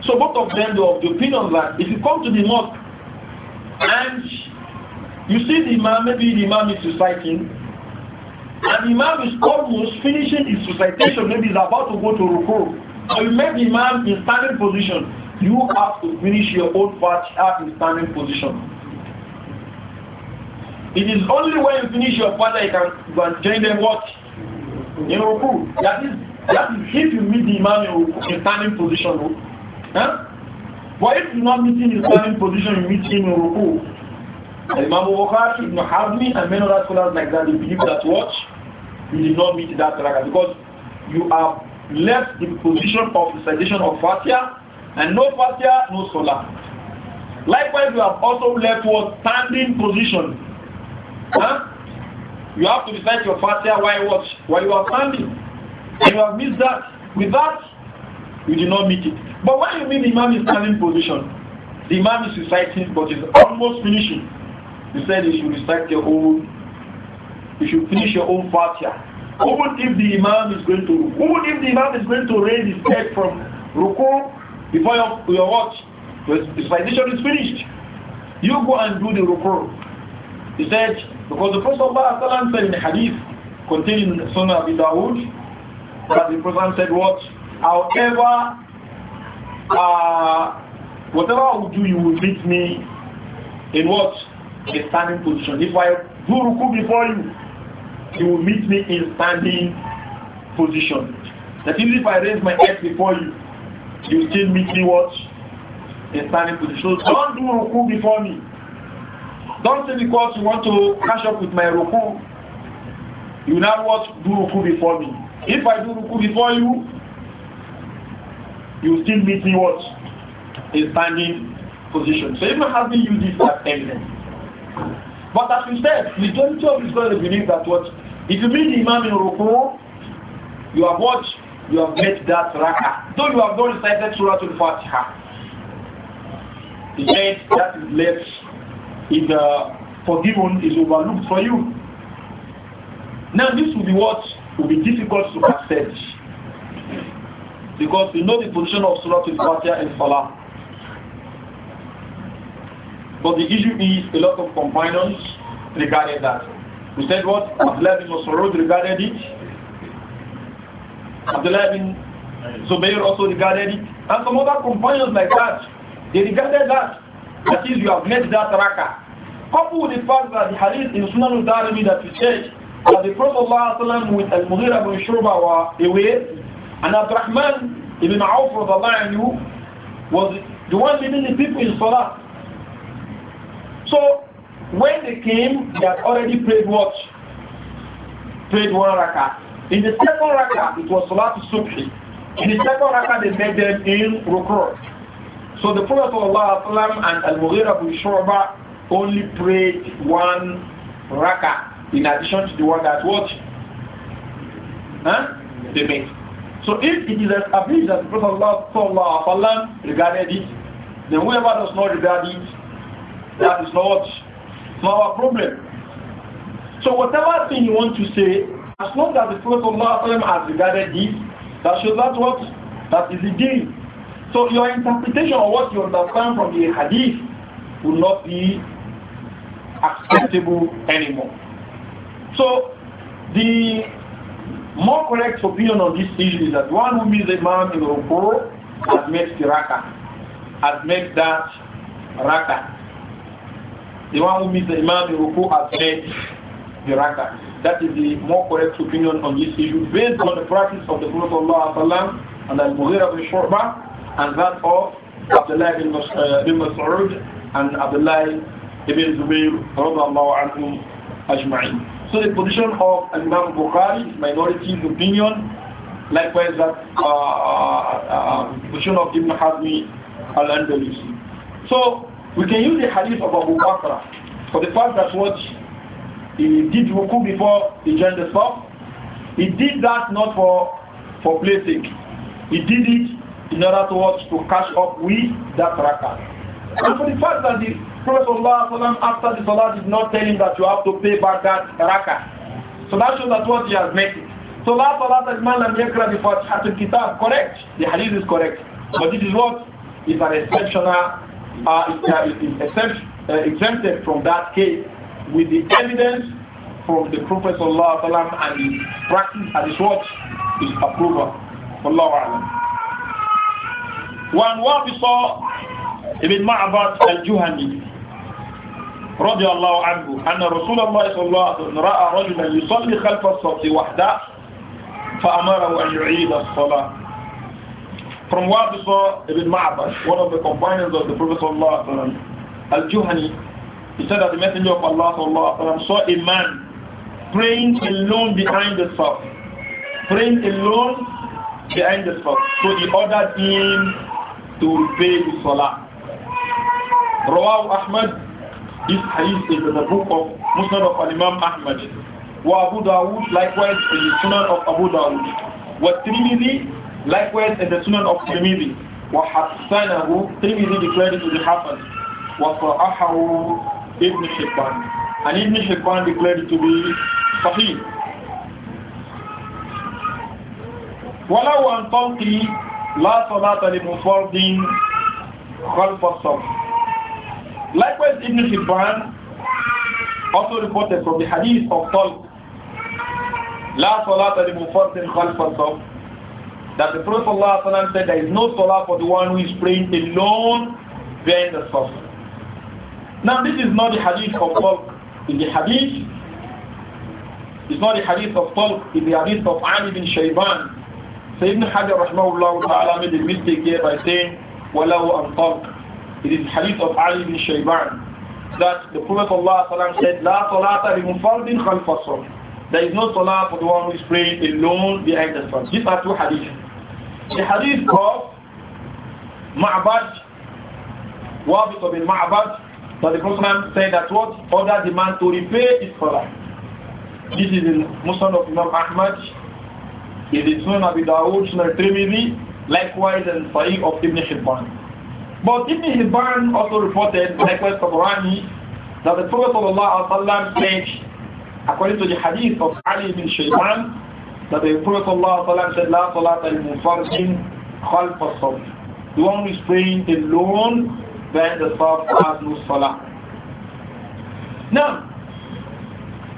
So both of them were of the opinion that if you come to the mosque and you see the imam, maybe the imam is reciting, and the imam is almost finishing his recitation, maybe he's about to go to ruku. Or you make the imam in standing position. You have to finish your own part in standing position. It is only when you finish your father you can, you can join them what? In Ruku. That is, that is if you meet the Imam in standing position. Oh. Huh? But if you not meeting in standing position, you meet him in Ruku. Imam Bukhari, Ibn Hazmi, and many other scholars like that, they believe that what? You did not meet that raka because you have left the position of recitation of fatia and no Fatiha, no Salah. Likewise, you have also left what standing position Huh? You have to recite your fatia while you watch, while you are standing. And you have missed that. With that, you did not meet it. But when you meet the Imam is standing position, the Imam is reciting but is almost finishing. You said you should recite your own, you should finish your own Fatiha. Even if the Imam is going to, even if the Imam is going to raise his head from Ruku before your, your watch, his recitation is finished. You go and do the Ruku. He said, because the Prophet ﷺ said in the hadith in Sunnah Abi Dawud that the Prophet said what? However, uh, whatever I will do, you will meet me in what? A standing position. If I do ruku before you, you will meet me in standing position. even if I raise my head before you, you still meet me what? In standing position. So don't do ruku before me. Don't say because you want to catch up with my ruku, you now what do ruku before me. If I do ruku before you, you still meet me what? A standing position. So even having you this as evidence. But as we said, majority of to believe that what if you meet the Imam in Ruku, you have what? You have met that raka. Though you have not recited Surah the fatiha The that is left is uh, forgiven is overlooked for you. Now this will be what will be difficult to accept because we know the position of Surah Al-Fatiha and Salah. But the issue is a lot of companions regarded that. We said what? Abdullah bin Masarud regarded it. Abdullah bin Zubair also regarded it. And some other companions like that, they regarded that. That is, you have made that raka. Coupled with the fact that the hadith in Sunan al-Darimi that we said that the Prophet ﷺ with Al-Mughira ibn Shurba were away, and Abdurrahman ibn was the one leading the people in Salah. So, when they came, they had already prayed what? Prayed one raka. In the second raka, it was salah to subhi In the second raka, they made them in Rukur. So the Prophet ﷺ and Al-Mughira bin Shu'ba only prayed one rakah in addition to the one that what? Huh? They made. So if it is abuse that the Prophet ﷺ regarded it, then whoever does not regard it, that is not, our problem. So whatever thing you want to say, as long as the Prophet ﷺ has regarded this, that should not what? That is the deal. So your interpretation of what you understand from the hadith will not be acceptable anymore. So the more correct opinion on this issue is that one who meets a man in Rukur has met the raka, has met that raka. The one who meets a man in Rukur has met the raka. That is the more correct opinion on this issue based on the practice of the Prophet and Al-Mughira bin Shu'bah and that of Abdullah ibn Mas- uh, bin Mas'ud and Abdullah ibn Zubayr radiallahu anhum ajma'in. So the position of Imam Bukhari, minority's opinion, likewise that uh, uh, uh, position of Ibn Hazmi al-Andalusi. So we can use the hadith of Abu Bakr for the fact that what he did wuku before he joined the staff. He did that not for for play sake. He did it in order to to catch up with that raka. And for the fact that the Prophet ﷺ after the salah did not tell him that you have to pay back that raka, So that shows that what he has made it. So la salat al man and yakra bi fatihatul kitab. Correct. The hadith is correct. But this is what is an exceptional, uh, is, uh, uh, exempted from that case with the evidence from the Prophet sallallahu alaihi and the practice and his is approval. for Allah. وعن وابصة ابن معبد الجهني رضي الله عنه أن رسول الله صلى الله عليه وسلم رأى رجلا يصلي خلف الصف وحده فأمره أن يعيد الصلاة From Wabisa ibn Ma'bad, one of the companions of the Prophet sallallahu alaihi Al-Juhani, he said that the Messenger of Allah sallallahu saw a man praying alone behind the Saf, praying alone behind the Saf. So he ordered him to repay with salah. Rawahu Ahmad, this hadith is in the book of Musnad of Imam Ahmad. Wa Abu Dawud, likewise in the Sunan of Abu Dawud. Wa Tirmidhi, likewise in the Sunan of Tirmidhi. Wa Hassanahu, Tirmidhi declared it to be Hassan. Wa Sa'ahahu Ibn Hibban. And Ibn Hibban declared it to be Sahih. ولو أن تلقي لا صلاة لمفرد خلف الصف Likewise, Ibn Hibban also reported from the hadith of Talq لا صلاة لمفرد خلف الصف that the Prophet ﷺ said there is no salah for the one who is praying alone behind the saf. Now this is not the hadith of Talq. In the hadith, it's not the hadith of Talq, in the hadith of Ali bin Shayban so Ibn Hajar rahmahullah ta'ala made a mistake here by saying, Wallahu anfaq. It is hadith of Ali ibn Shayban that the Prophet Allah said, La salata li mufardin khalfa There is no salah for the one who is praying alone behind the sun. These are two hadiths. The hadith of Ma'bad, Wabit of Ma'bad, that the Prophet said that what order the man to repay his salah. This is in Muslim of Imam Ahmad, is in Sunan Abi Dawud, Sunan Tirmidhi, likewise in Sahih of Ibn Hibban. But Ibn Hibban also reported, likewise Rani, that the Prophet ﷺ said, according to the hadith of Ali bin Shayban, that the Prophet ﷺ said, La salata al-munfarjin khalf as The one who is praying alone, then the Saf has no salah. Now,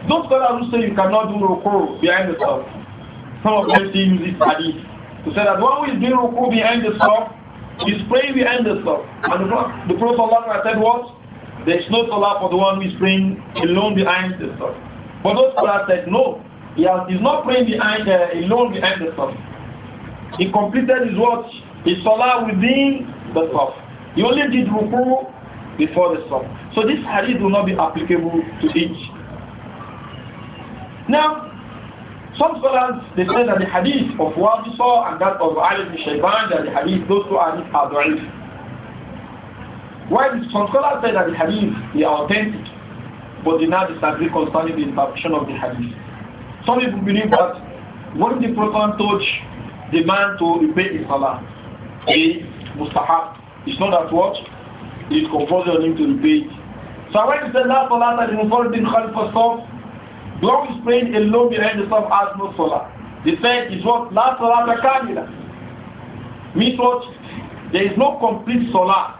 those scholars who say you cannot do rukur behind the Saf, some of them still use this hadith to say that one who is doing ruku behind the stop is praying behind the stop. And the, the Prophet Allah said what? There is no salah for the one who is praying alone behind the stop. But those scholars said no, he is not praying behind uh, alone behind the stop. He completed his what his salah within the stop. He only did ruku before the stop. So this hadith will not be applicable to each. Now, some scholars, they say that the hadith of Wabisa and that of Ali ibn Shayban, that the hadith, those two hadith are da'if. While some scholars say that the hadith, is authentic, but they now disagree concerning the interpretation of the hadith. Some people believe that when the Prophet told the man to repay his salah, a mustahab, it's not that what? It's compulsory on him to repay it. So when he the La salah that in for stop, Whoever is praying alone behind the sun as no Salah. The third is what? La solar the Kamila. Means what? There is no complete Salah.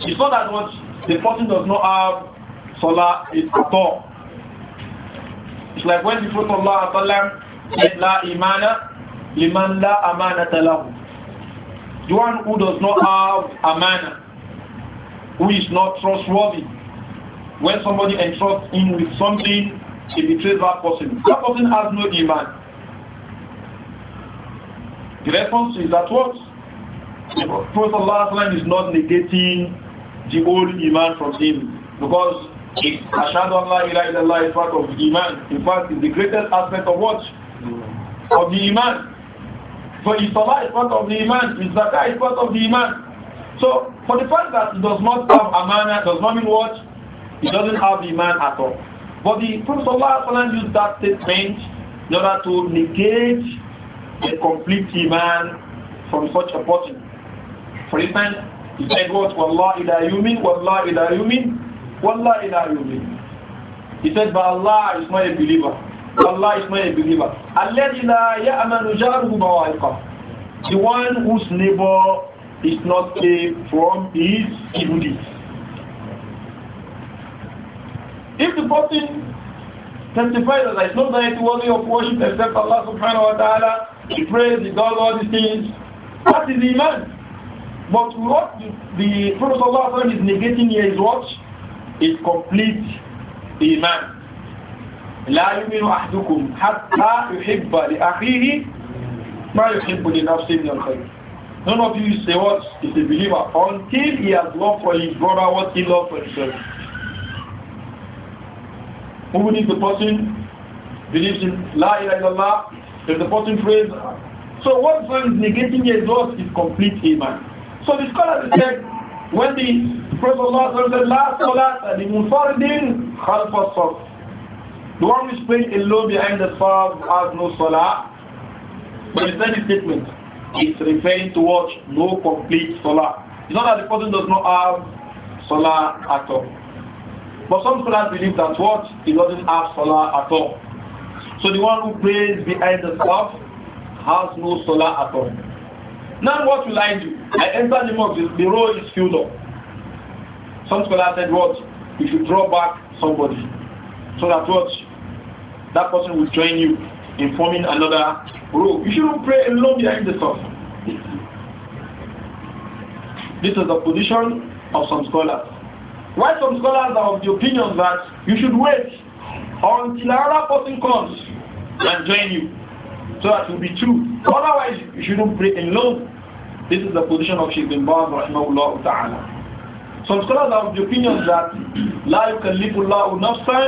It's not that what the person does not have Salah at all. It's like when the Prophet Allah said La Imana Liman La Amana Talahu. The one who does not have amana, who is not trustworthy. When somebody entrusts him with something, he betrays that person. That person has no iman. The response is that what? The Prophet Allah is not negating the old iman from him because Ashadu Allah ilaha illallah is part of the iman. In fact, it's the greatest aspect of what? Of the iman. So if Salah is part of the iman, if Zakah is part of the iman. So for the fact that it does not have amana, does not mean what? It doesn't have iman at all. But the Prophet ﷺ used that statement in order to negate the complete iman from such a person. For instance, he said what? Wallah ila yumin, wallah ila yumin, wallah ila yumin. He said, but Allah is not a believer. Allah is not a believer. Alladhi la ya'manu jaruhu mawa'iqah. The one whose neighbor is not safe from his evil deeds. If the person testifies that there is no deity worthy of worship except Allah subhanahu wa ta'ala, he prays, he does all these things, that is Iman. But what the Prophet Allah is negating here is what? Is complete Iman. لا يؤمن أحدكم حتى يحب لأخيه ما يحب لنفسه من الخير None of you say what is a believer until he has loved for his brother what he loved for himself. Who believes the person believes in La ilaha illallah, There's the person prays. So what Islam is negating a loss is complete iman. So the scholar said, when the Prophet Allah said, La salat al munfaridin khalfa saf. The one who is praying alone behind the saf has no salah. But the second statement is referring to No complete salah. It's not that the person does not have salah at all. But some scholars believe that what? He doesn't have solar at all. So the one who prays behind the staff has no solar at all. Now what will I do? I enter the mosque, the road is filled up. Some scholars said what? You should draw back somebody. So that what? That person will join you in forming another row. You shouldn't pray alone behind the staff. This is the position of some scholars. Why some scholars are of the opinion that you should wait until another person comes and join you. So that will be true. Otherwise, you shouldn't pray alone. This is the position of Sheikh bin Baz, rahimahullah ta'ala. Some scholars are of the opinion that لا يكلف الله نفسا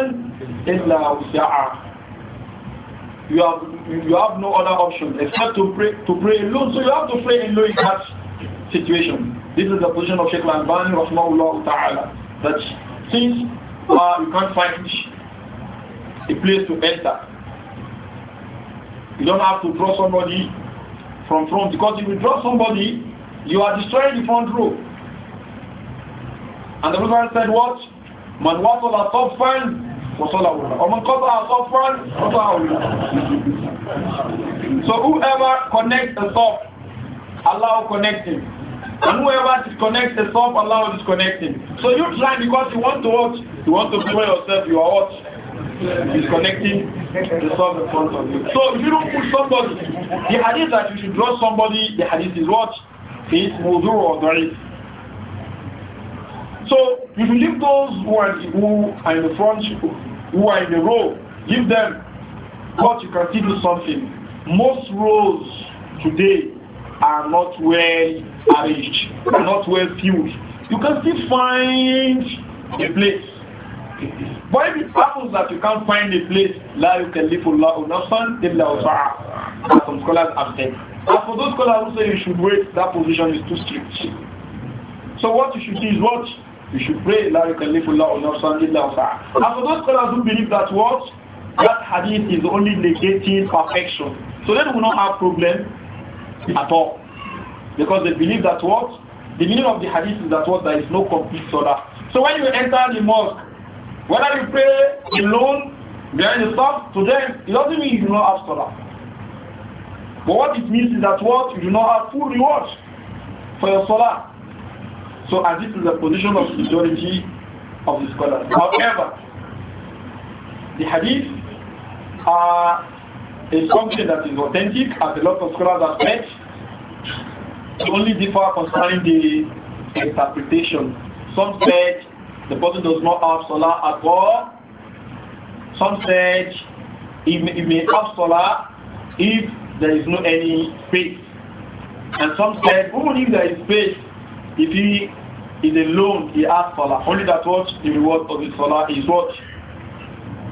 إلا وسعها you have you have no other option except to pray to pray alone. So you have to pray alone in that situation. This is the position of Sheikh Al-Albani, rahmahullah ta'ala. That since uh, you can't find a place to enter, you don't have to draw somebody from front because if you draw somebody, you are destroying the front row. And the ruler said, What? Man wasala safan, wasala our? Or man qata'a safan, qata'a our?" So whoever connects the top, Allah will connect him. And whoever disconnects himself, Allah will disconnect So you try because you want to watch, you want to prepare yourself, you are what? Disconnecting the self in front of you. So if you don't push somebody, the hadith that you should draw somebody, the hadith is what? Is mudur or da'if. So you should leave those who are, who are in the front, who are in the row, give them what you can see do something. Most rows today are not well are are not well fueled, you can still find a place. But if it happens that you can't find a place, you la yukallifullahu nafsan illa wus'aha, as some scholars have said. As for those scholars who say you should wait, that position is too strict. So what you should do is what? You should pray, you la yukallifullahu nafsan illa wus'aha. As for those scholars who believe that what? That hadith is only negating perfection. So then we will not have problem at all. Because they believe that what? The meaning of the hadith is that what? There is no complete salah. So when you enter the mosque, whether you pray alone, behind the staff, to them, it doesn't mean you do not have salah. But what it means is that what? You do not have full reward for your salah. So as this is the position of the majority of the scholars. However, the hadith uh, is something that is authentic, as a lot of scholars have said to only differ concerning the interpretation. Some said the person does not have Salah at all. Some said he may, he have Salah if there is no any faith. And some said even if there is faith, if he is alone, he has Salah. Only that what the reward of the Salah is what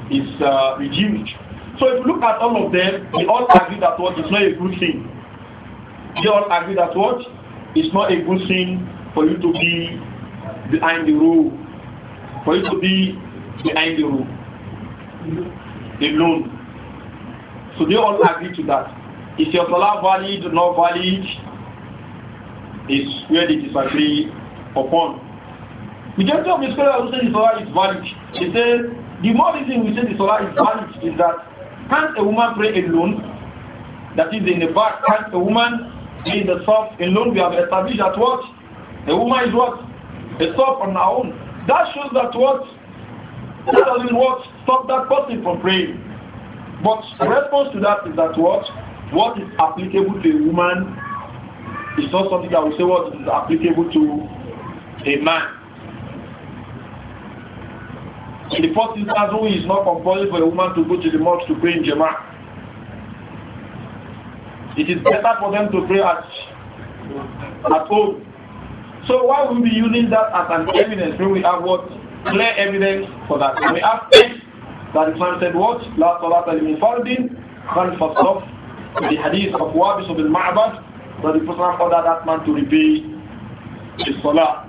is uh, reduced. So if you look at all of them, they all agree that what is not a good thing. They all agree that what? It's not a good thing for you to be behind the rule. For you to be behind the rule. Alone. So they all agree to that. Is your salah valid or not valid? Is where they disagree upon. Majority of the scholars who say the salah is valid, they say the more reason we say the salah is valid is that can't a woman pray alone? That is in the back, can't a woman in the soft alone, we have established that what? A woman is what? A stop on her own. That shows that what? That doesn't what? Stop that person from praying. But the response to that is that what? What is applicable to a woman is not something that we say what is applicable to a man. In the first instance, who is not compulsory for a woman to go to the mosque to pray in Jama'ah. It is better for them to pray at, at home. So why would we be using that as an evidence when we have what? Clear evidence for that. we have text that Islam said what? La salat al-mufardin for al The hadith of Wabis of mabad that the Prophet ordered that man to repay his salah.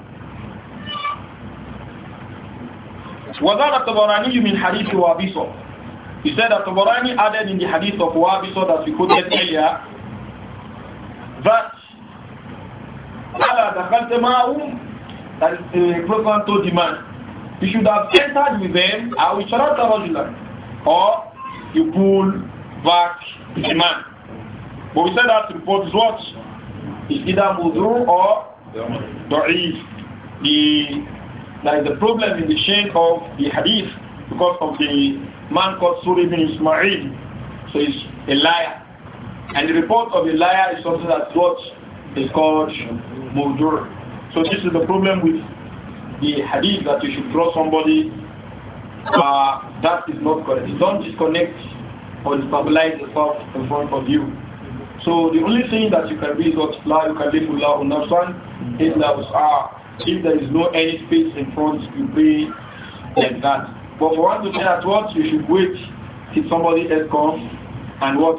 وقال الطبراني من حديث وابصة He said that Tabarani added in the hadith of Wabiso that we quoted earlier but Allah دخلت معهم that is the eh, Prophet told the man you should have entered with them أو شرط رجلا or you pull back the man but we said that report is either mudru or da'if the that is the problem in the chain of the hadith because of the man called Suri bin Ismail so he's a liar and the report of a liar is something that what is called murder. So this is the problem with the hadith that you should draw somebody. Uh, that is not correct. don't disconnect or destabilize yourself in front of you. So the only thing that you can read is what La yukallifullahu is illa wus'aha. If there is no any space in front, you pray like that. But for one to say that what, you should wait till somebody else comes and what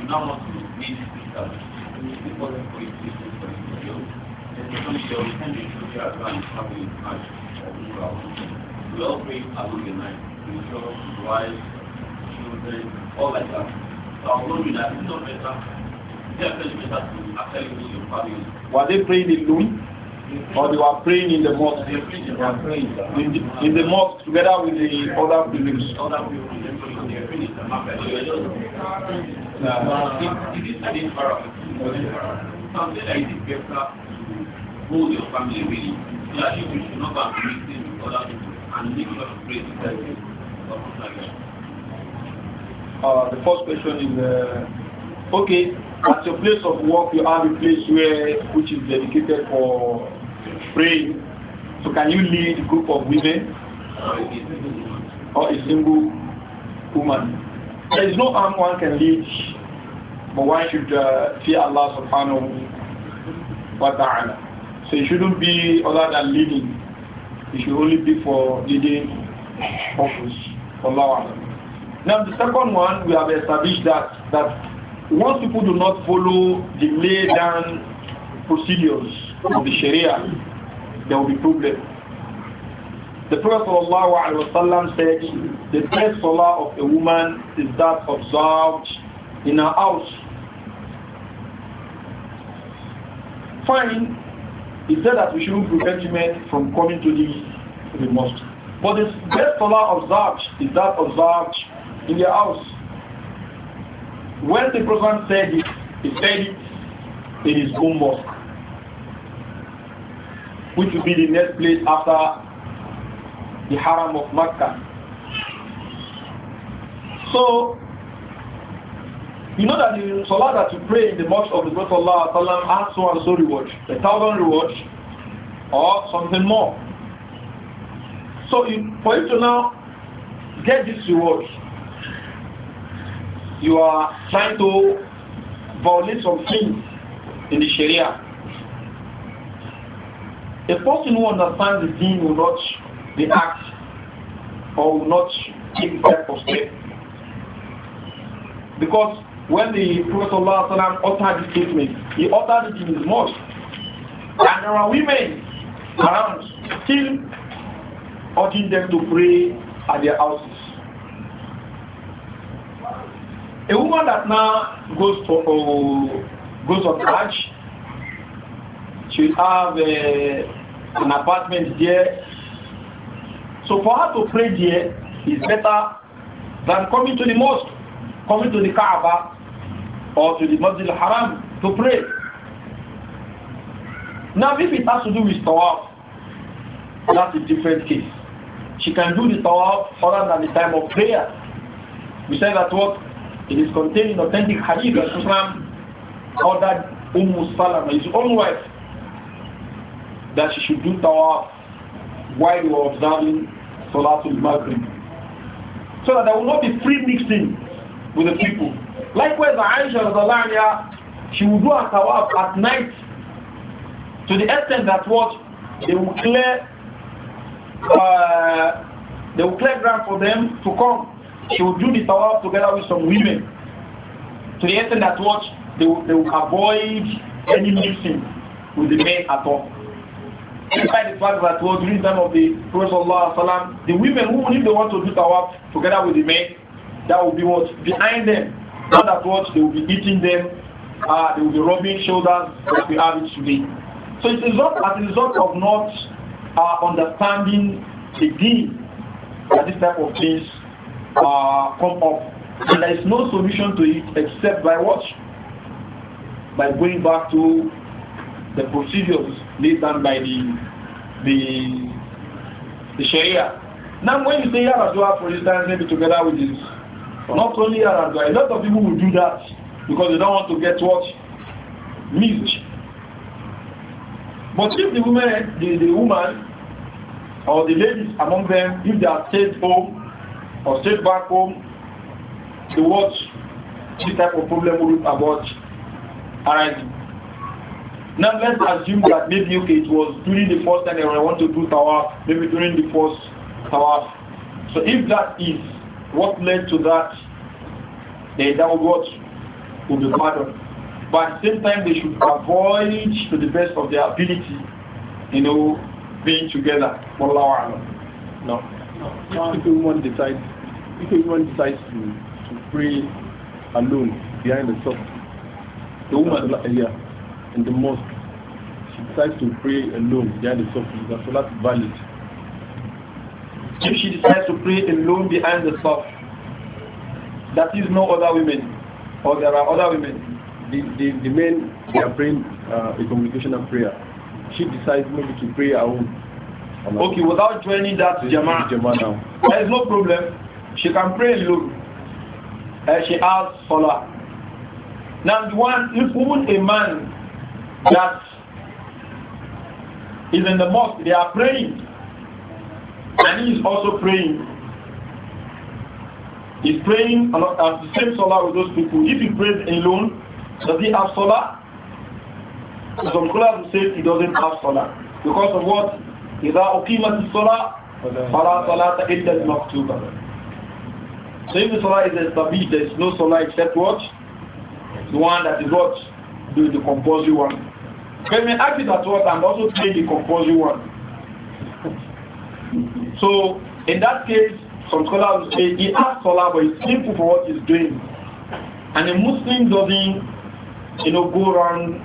you now want to need to be established. You still want to be sure you a We the night. wives, children, all like that. I'm going with that. It's not better. They are better to actually with your they praying or they were praying in the mosque. They were praying in the, in the mosque together with the other pilgrims. Uh, the first question is, uh, okay, at your place of work you have a place where which is dedicated for praying. So can you lead a group of women or a single woman? There is no harm one can lead, but one should uh, fear Allah subhanahu wa ta'ala. So it shouldn't be other than leading. It should only be for leading purpose. Allah. Now the second one, we have established that, that once people do not follow the laid down procedures of the Sharia, there will be problem. The Prophet ﷺ said, the best salah of a woman is that observed in her house. Fine, he said that we shouldn't prevent women from coming to the, to the mosque. But the best salah observed is that observed in their house. When the Prophet said it, he said it in his own mosque which will be the next place after the Haram of Mecca. So, you know that the salah that you pray in the mosque of the Prophet Allah has so and so reward, a thousand rewards or something more. So for you to now get this reward, you are trying to violate some things in the Sharia. A person who understands the deen will not act, or will not take step for step. Because when the Prophet ﷺ uttered this statement, he uttered it in his mosque. And there are women around still urging them to pray at their houses. A woman that now goes to uh, goes on Hajj should have a uh, an apartment there. So for her to pray there is better than coming to the mosque, coming to the Kaaba or to the Masjid al-Haram to pray. Now if it has to do with tawaf, that's a different case. She can do the tawaf other than the time of prayer. We say that what? It is contained in authentic hadith that Islam ordered Umm Salama, his own wife, that she should do tawaf while you are observing Salatul Maghrib. So that there will not be free mixing with the people. Likewise, Aisha Zalania, she will do her tawaf at night to the extent that what they will clear uh, they will clear ground for them to come. She will do the tawaf together with some women to the extent that what they will, they will avoid any mixing with the men at all. Inside the fact that was during time of the Prophet Sallallahu the women who if they want to do tawaf together with the men, that will be what? Behind them. Not that what? They will be beating them, uh, they will be rubbing shoulders as we have it today. So it's a result, as a result of not uh, understanding the deal that this type of things uh, come up. And there is no solution to it except by what? By going back to the procedures laid down by the the the Sharia. Now when you say Yaradua for instance maybe together with this not only Yaradua, a lot of people will do that because they don't want to get what missed. But if the woman the, the woman or the ladies among them, if they are stayed home or stayed back home, they watch this type of problem will about arising. Now let's assume that maybe okay, it was during the first time and I want to do tawaf, maybe during the first tawaf. So if that is what led to that, then that will will be pardoned. But at the same time, they should avoid, to the best of their ability, you know, being together. No. no. If a woman decides, if a woman decides to, to pray alone behind the shop, the woman, yeah in the mosque, she decides to pray alone behind the Sufis, the Salat is valid. If she decides to pray alone behind the Suf, that is no other women, or there are other women, the, the, the men, they are praying uh, a of prayer. She decides maybe to pray her own. Okay, without joining that jama, Jama there is no problem. She can pray alone. And uh, she has Salah. Now, the one, if woman, a man that is in the mosque, they are praying. And he is also praying. He's praying at the same salah with those people. If he prays alone, does he have salah? Some scholars say he doesn't have salah. Because of what? إِذَا أُقِيمَتِ الصَّلَاةِ فَلَا صَلَاةَ إِلَّا الْمَكْتُوبَةِ So if the salah is established, there is no salah except what? The one that is what? The, the compulsory one. They may act it at once and also pay the composing one. So in that case, some scholars will say he acts Allah, but it's simple for what he's doing. And a Muslim doesn't, you know, go around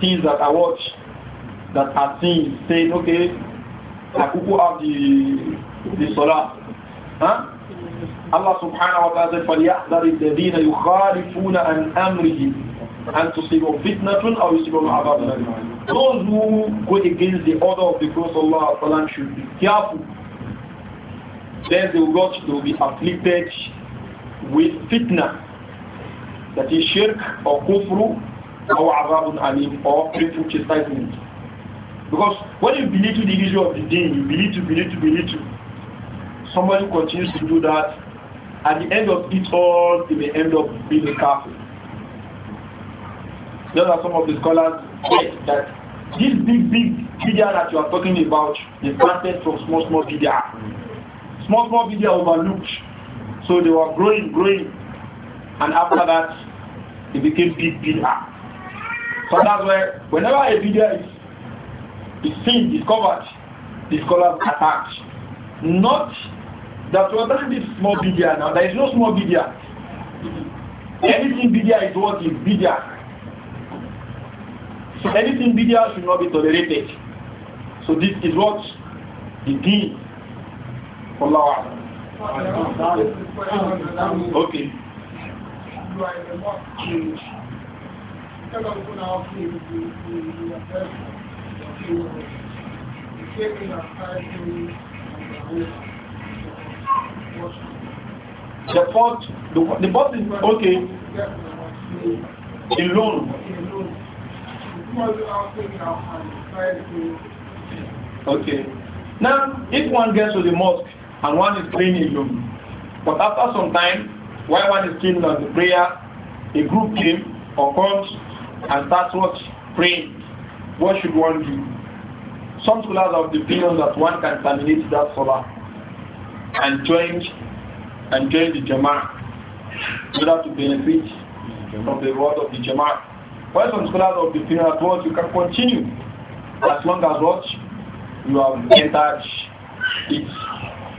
things that I watch that are seen saying, okay, like who have the the Salah. Huh? Allah subhanahu wa ta'ala said, فَلْيَحْذَرِ الَّذِينَ يُخَالِفُونَ عَنْ أَمْرِهِ and to see fitnatun or yusibum adabun Those who go against the order of the Prophet Allah should be careful. Then they will, got, they will be afflicted with fitna, that is shirk or kufru or adabun alim or painful chastisement. Because when you believe to the issue of the deen, you believe believe to to believe to. Somebody continues to do that. At the end of it all, they may end up being a kafir. Those are some of the scholars that this big, big video that you are talking about is planted from small, small video. Small, small video overlooked. So they were growing, growing. And after that, it became big bidya. So that's where, whenever a video is, is seen, discovered, the scholars attack. Not that we're talking this small video now. There is no small video. Anything video is what is video. So anything bidia should not be tolerated. So this is what the deen for law. Okay. The fourth, the, the fourth is okay. The loan Okay. Now, if one gets to the mosque and one is praying alone, but after some time, while one is still on the prayer, a group came or comes and starts what? Praying. What should one do? Some scholars have the opinion that one can terminate that salah and join and join the jama'ah in order to benefit from the word of the jama'ah. While some scholars of the thing at you can continue as long as what you have entered it.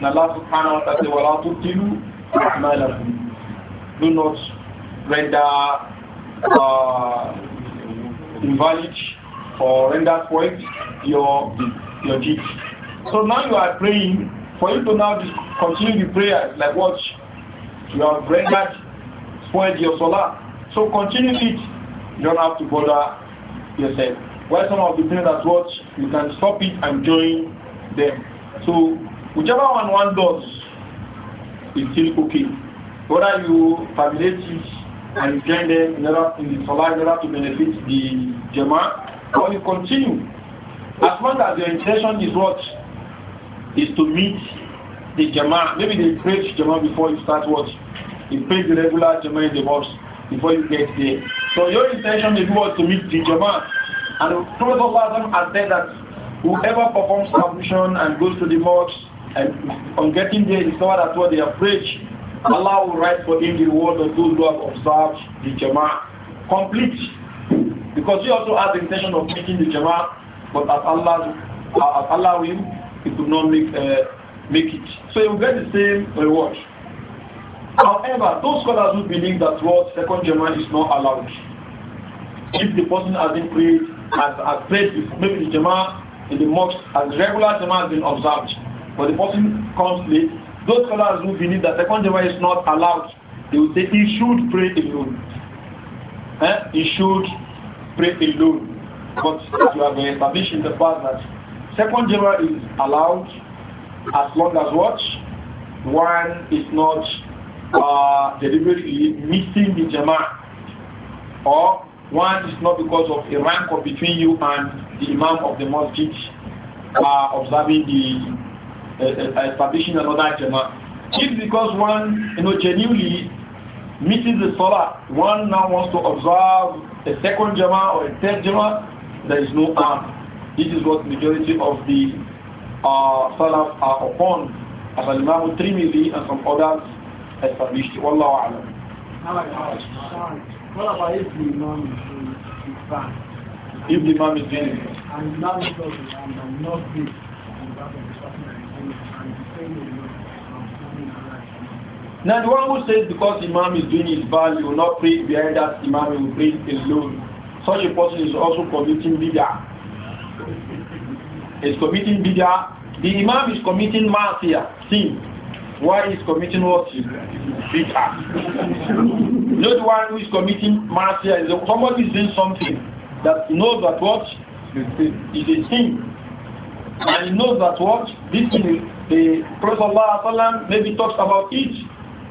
And last panel that they were allowed to do. Do not render uh, invalid or render void your your deeds. So now you are praying. For you to now continue the prayer, like what you have rendered void your salah. So continue it you don't have to bother yourself. While some of the things that watch, you can stop it and join them. So whichever one one does is still okay. Whether you terminate it and join them in order in the survival in order to benefit the Jama, or you continue. As long as your intention is what? Is to meet the Jama. Maybe they preach Jama before you start what? You pray the regular Jama in the box before you get there. So your intention is what to meet the Jamaat. And the Prophet Allah has said that whoever performs ablution and goes to the mosque and uh, on getting there discover that what they have preached, Allah will write for him the reward of those who have observed the Jama'ah complete. Because he also has the intention of meeting the Jama'ah, but as Allah uh, as Allah will, he could not make uh, make it. So he will get the same reward. However, those scholars who believe that what second Jama is not allowed, if the person has been prayed, has, has prayed maybe the Jama in the mosque, as regular Jama has been observed, but the person comes late, those scholars who believe that second Jama is not allowed, they will say he should pray alone. Eh? He should pray alone. But you have established in the past that second Jama is allowed as long as what? One is not uh, deliberately missing the jama'ah or one is not because of a rank up between you and the imam of the mosque uh, observing the uh, uh, establishing another jama'ah. If because one you know genuinely misses the salah, one now wants to observe a second jama'ah or a third jama'ah, there is no harm. This is what majority of the uh, salaf are upon, as Imam Trimidi and some others established. Wallahu alam. What about if the imam is now the one who says because Imam is doing his bad, he will not pray behind that Imam, he will pray alone. Such a person is also committing bid'ah. He's committing bid'ah. The Imam is committing mafia, sin one is committing what? Bid'ah. Not one who is committing mafia. Somebody is doing something that knows that what is a sin. And he knows that what this thing the Prophet Allah maybe talks about it,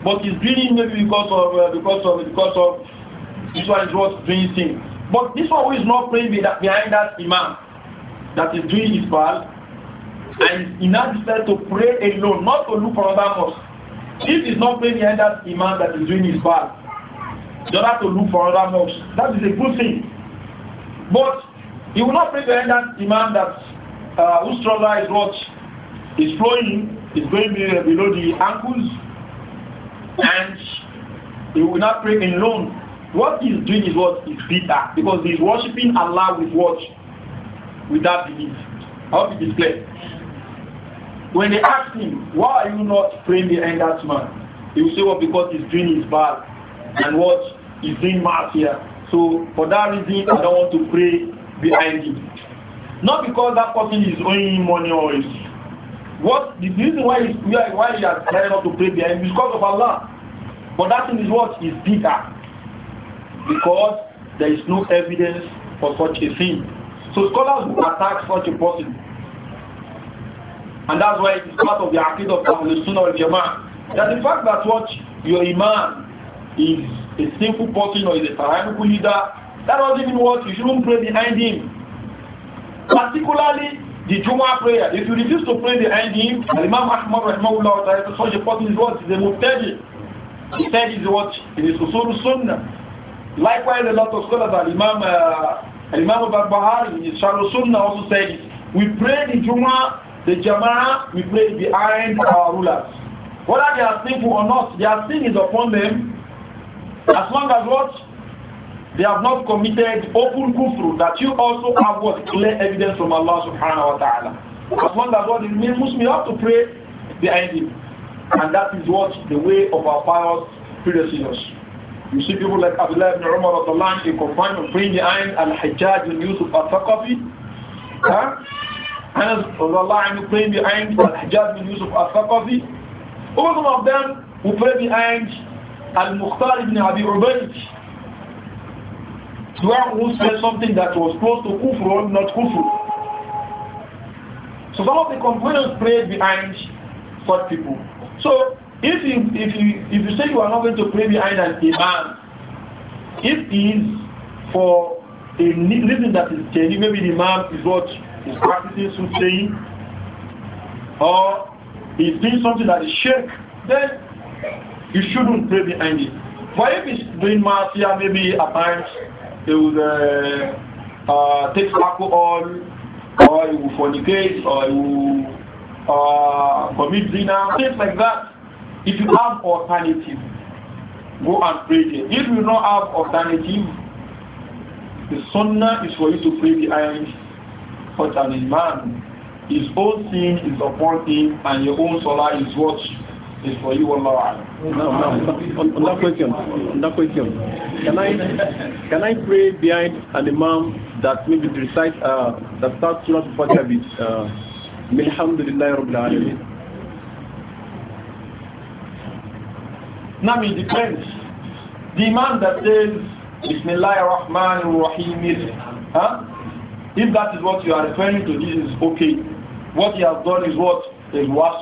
but he's doing it maybe because of uh, because of because of this one is what doing sin. But this one who is not praying behind that imam that is doing his bad, and he now decided to pray alone, not to look for other mosques. This is not praying behind that imam that is doing his bad, you have to look for other mosques. That is a good thing. But he will not pray behind that imam that uh, whose trouser is what is flowing, is going uh, below the ankles, and he will not pray alone. What he's doing is what is bitter because he's worshiping Allah with what? With that belief. I hope it is clear. When they ask him, why are you not praying behind that man? He will say, well, because his doing is bad and what he's doing mass here. So for that reason, I don't want to pray behind him. Not because that person is owing money or is. What the reason why he's, why he has decided not to pray behind him is because of Allah. But that thing is what is bigger because there is no evidence for such a thing. So scholars who attack such a person and that's why it is part of the Aqid of the Sunnah of Jama'ah. That the fact that what your Imam is a sinful person or is a tyrannical leader, that doesn't mean what you shouldn't pray behind him. Particularly the Juma prayer. If you refuse to pray behind him, Imam Ahmad Rahmahullah Ta'ala, such a person is what? Is a mubtadi. He said is what? It is usul sunnah. Likewise, a lot of scholars, Imam, uh, Imam al-Bahari in his Sunnah also said, we pray the Juma. The Jama'ah, we place behind our rulers. Whether they are sinful or not, their sin is upon them. As long as what? They have not committed open kufr, that you also have what? Clear evidence from Allah subhanahu wa ta'ala. As long as what it means, Muslim, have to pray behind him. And that is what the way of our pious predecessors. You see people like Abdullah ibn Umar of the land, a companion, praying behind Al-Hajjaj and Yusuf al-Thaqafi. Huh? Allah anhu praying behind Al-Hajjaj bin Yusuf al-Thaqafi. Over some of them who pray behind Al-Mukhtar ibn Abi Ubaid. The one who said something that was close to kufr, not kufr. So some of the companions prayed behind such people. So if you if you if you say you are not going to pray behind an imam, if it is for a reason that is changing, maybe the imam is what is practicing soothsaying or he's doing something that is shirk, then you shouldn't pray behind it. But if he's doing mafia, maybe at times he will uh, uh, take alcohol or he will fornicate or he will uh, commit zina, things like that. If you have alternative, go and pray there. If you don't have alternative, the sunnah is for you to pray behind such an iman. His own sin is upon him and your own salah is what is for you Allah. No, no. On, on that question, on that question, can I can I pray behind an imam that maybe recite uh, that starts Surah Al-Fatiha with uh, Alhamdulillah Rabbil Alamin? Now it depends. The imam that says Bismillah ar-Rahman rahim is huh? If that is what you are referring to, this is okay. What he has done is what is worse.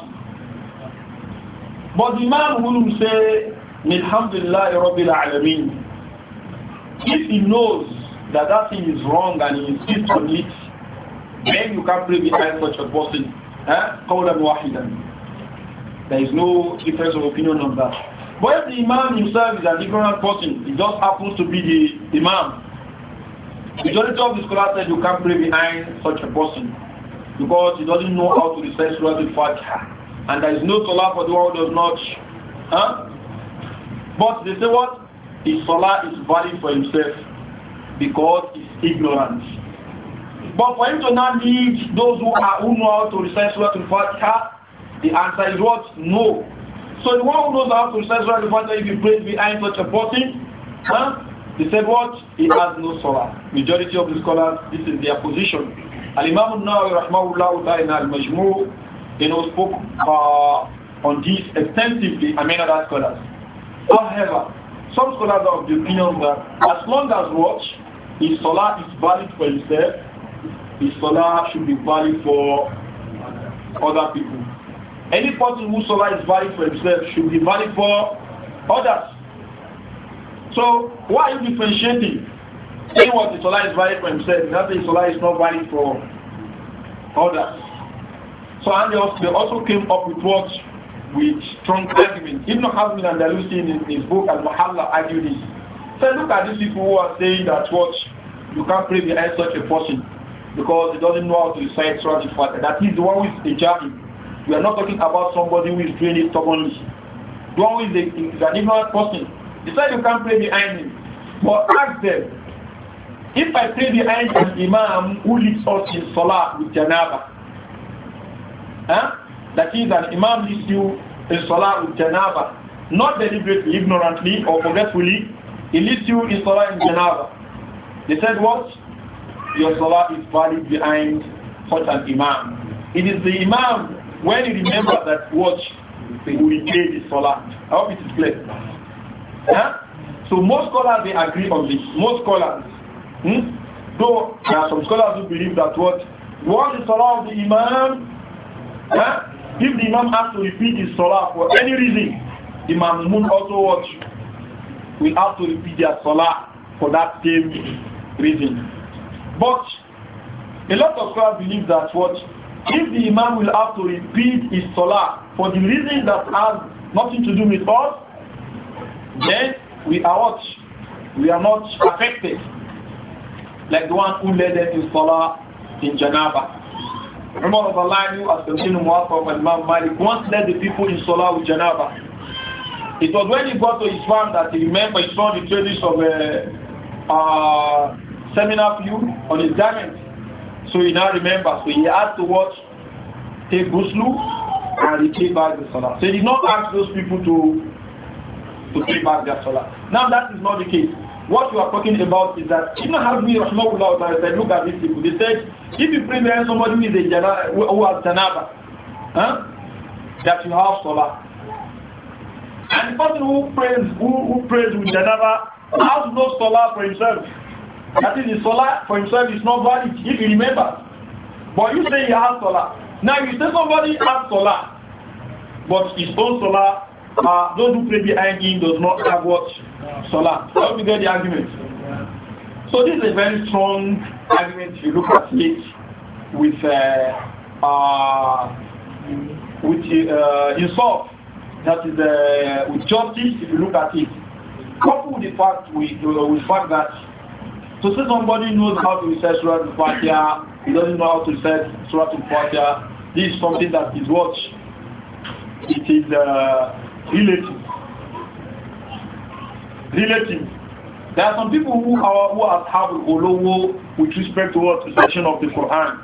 But the man who say, Alhamdulillah, Rabbil Alameen, if he knows that that thing is wrong and he insists on it, then you can't pray behind such a person. Eh? Qawlan wahidan. There is no difference of opinion on that. But if the imam himself is an ignorant person, he just happens to be the imam, Majority of the scholars said you can't pray behind such a person because he doesn't know how to recite Surah Al-Fatiha. And there is no salah for the one who does not. Huh? But they say what? His salah is valid for himself because he's ignorant. But for him to not lead those who, are, who know how to recite Surah Al-Fatiha, the answer is what? No. So the one who knows how to recite Surah Al-Fatiha, if he prays behind such a person, huh? He said what? He has no salah. Majority of the scholars, this is their position. Al-Imam al-Nawawi rahmahullah ta'ala al-Majmu' you know, spoke uh, on this extensively among other scholars. However, some scholars are of the opinion that as long as what? His salah is valid for himself, his salah should be valid for other people. Any person whose salah is valid for himself should be valid for others. So why are you differentiating? Saying what the Salah is valid for himself, nothing Salah is not valid for others. So and they also, they also came up with what? With strong arguments. Ibn Hazm al-Andalusi in his book and mahalla argued this. So look at these people who are saying that what? You can't pray behind such a person because he doesn't know how to recite Surah Al-Fatiha. That is the one with a jahil. We are not talking about somebody who is doing it stubbornly. The one who is, a, an ignorant person he said you can't pray behind him. But ask them, if I pray behind an imam who leads us in salah with janaba, huh? that is an imam leads you in salah with janaba, not deliberately, ignorantly or forgetfully, he leads you in salah in janaba. They said what? Your salah is valid behind such an imam. It is the imam when you remember that watch, you will pay salah. I hope it is clear. So most scholars they agree on this. Most scholars. Hmm? Though there are some scholars who believe that what what is salah of the Imam, if the Imam has to repeat his salah for any reason, the Mamun also what will have to repeat their salah for that same reason. But a lot of scholars believe that what if the Imam will have to repeat his salah for the reason that has nothing to do with us, then we are not, We are not affected like the one who led them in Salah in Janaba. Remember of Allah knew as the of Imam Malik once led the people in Salah with Janaba. It was when he got to Islam that he remembered he saw the traces of a, uh, a uh, seminar view on his garment. So he now remembers. So he had to watch, take Guslu and he came back to Salah. So he did not ask those people to to pay back their salah. Now that is not the case. What you are talking about is that Ibn Hazmi Rahmahullah said, look at these people. They said, if you pray behind somebody who, is a jana, who has janaba, huh, that you have salah. And the person who prays, who, who prays with janaba has no salah for himself. That is, the salah for himself is not valid, if you remember. But you say he has salah. Now you say somebody has salah, but his own salah uh, those who pray behind him does not have what? Salah. So how get the argument? So this is a very strong argument if you look at it with uh, uh, with uh, that is uh, with justice if you look at it. Coupled with the fact with, uh, with fact that to say somebody knows how to research Surah to fatiha he doesn't know how to recite Surah to fatiha this is something that is what? It is uh, relative. Relative. There are some people who are who are have olowo with respect to what section of the Quran.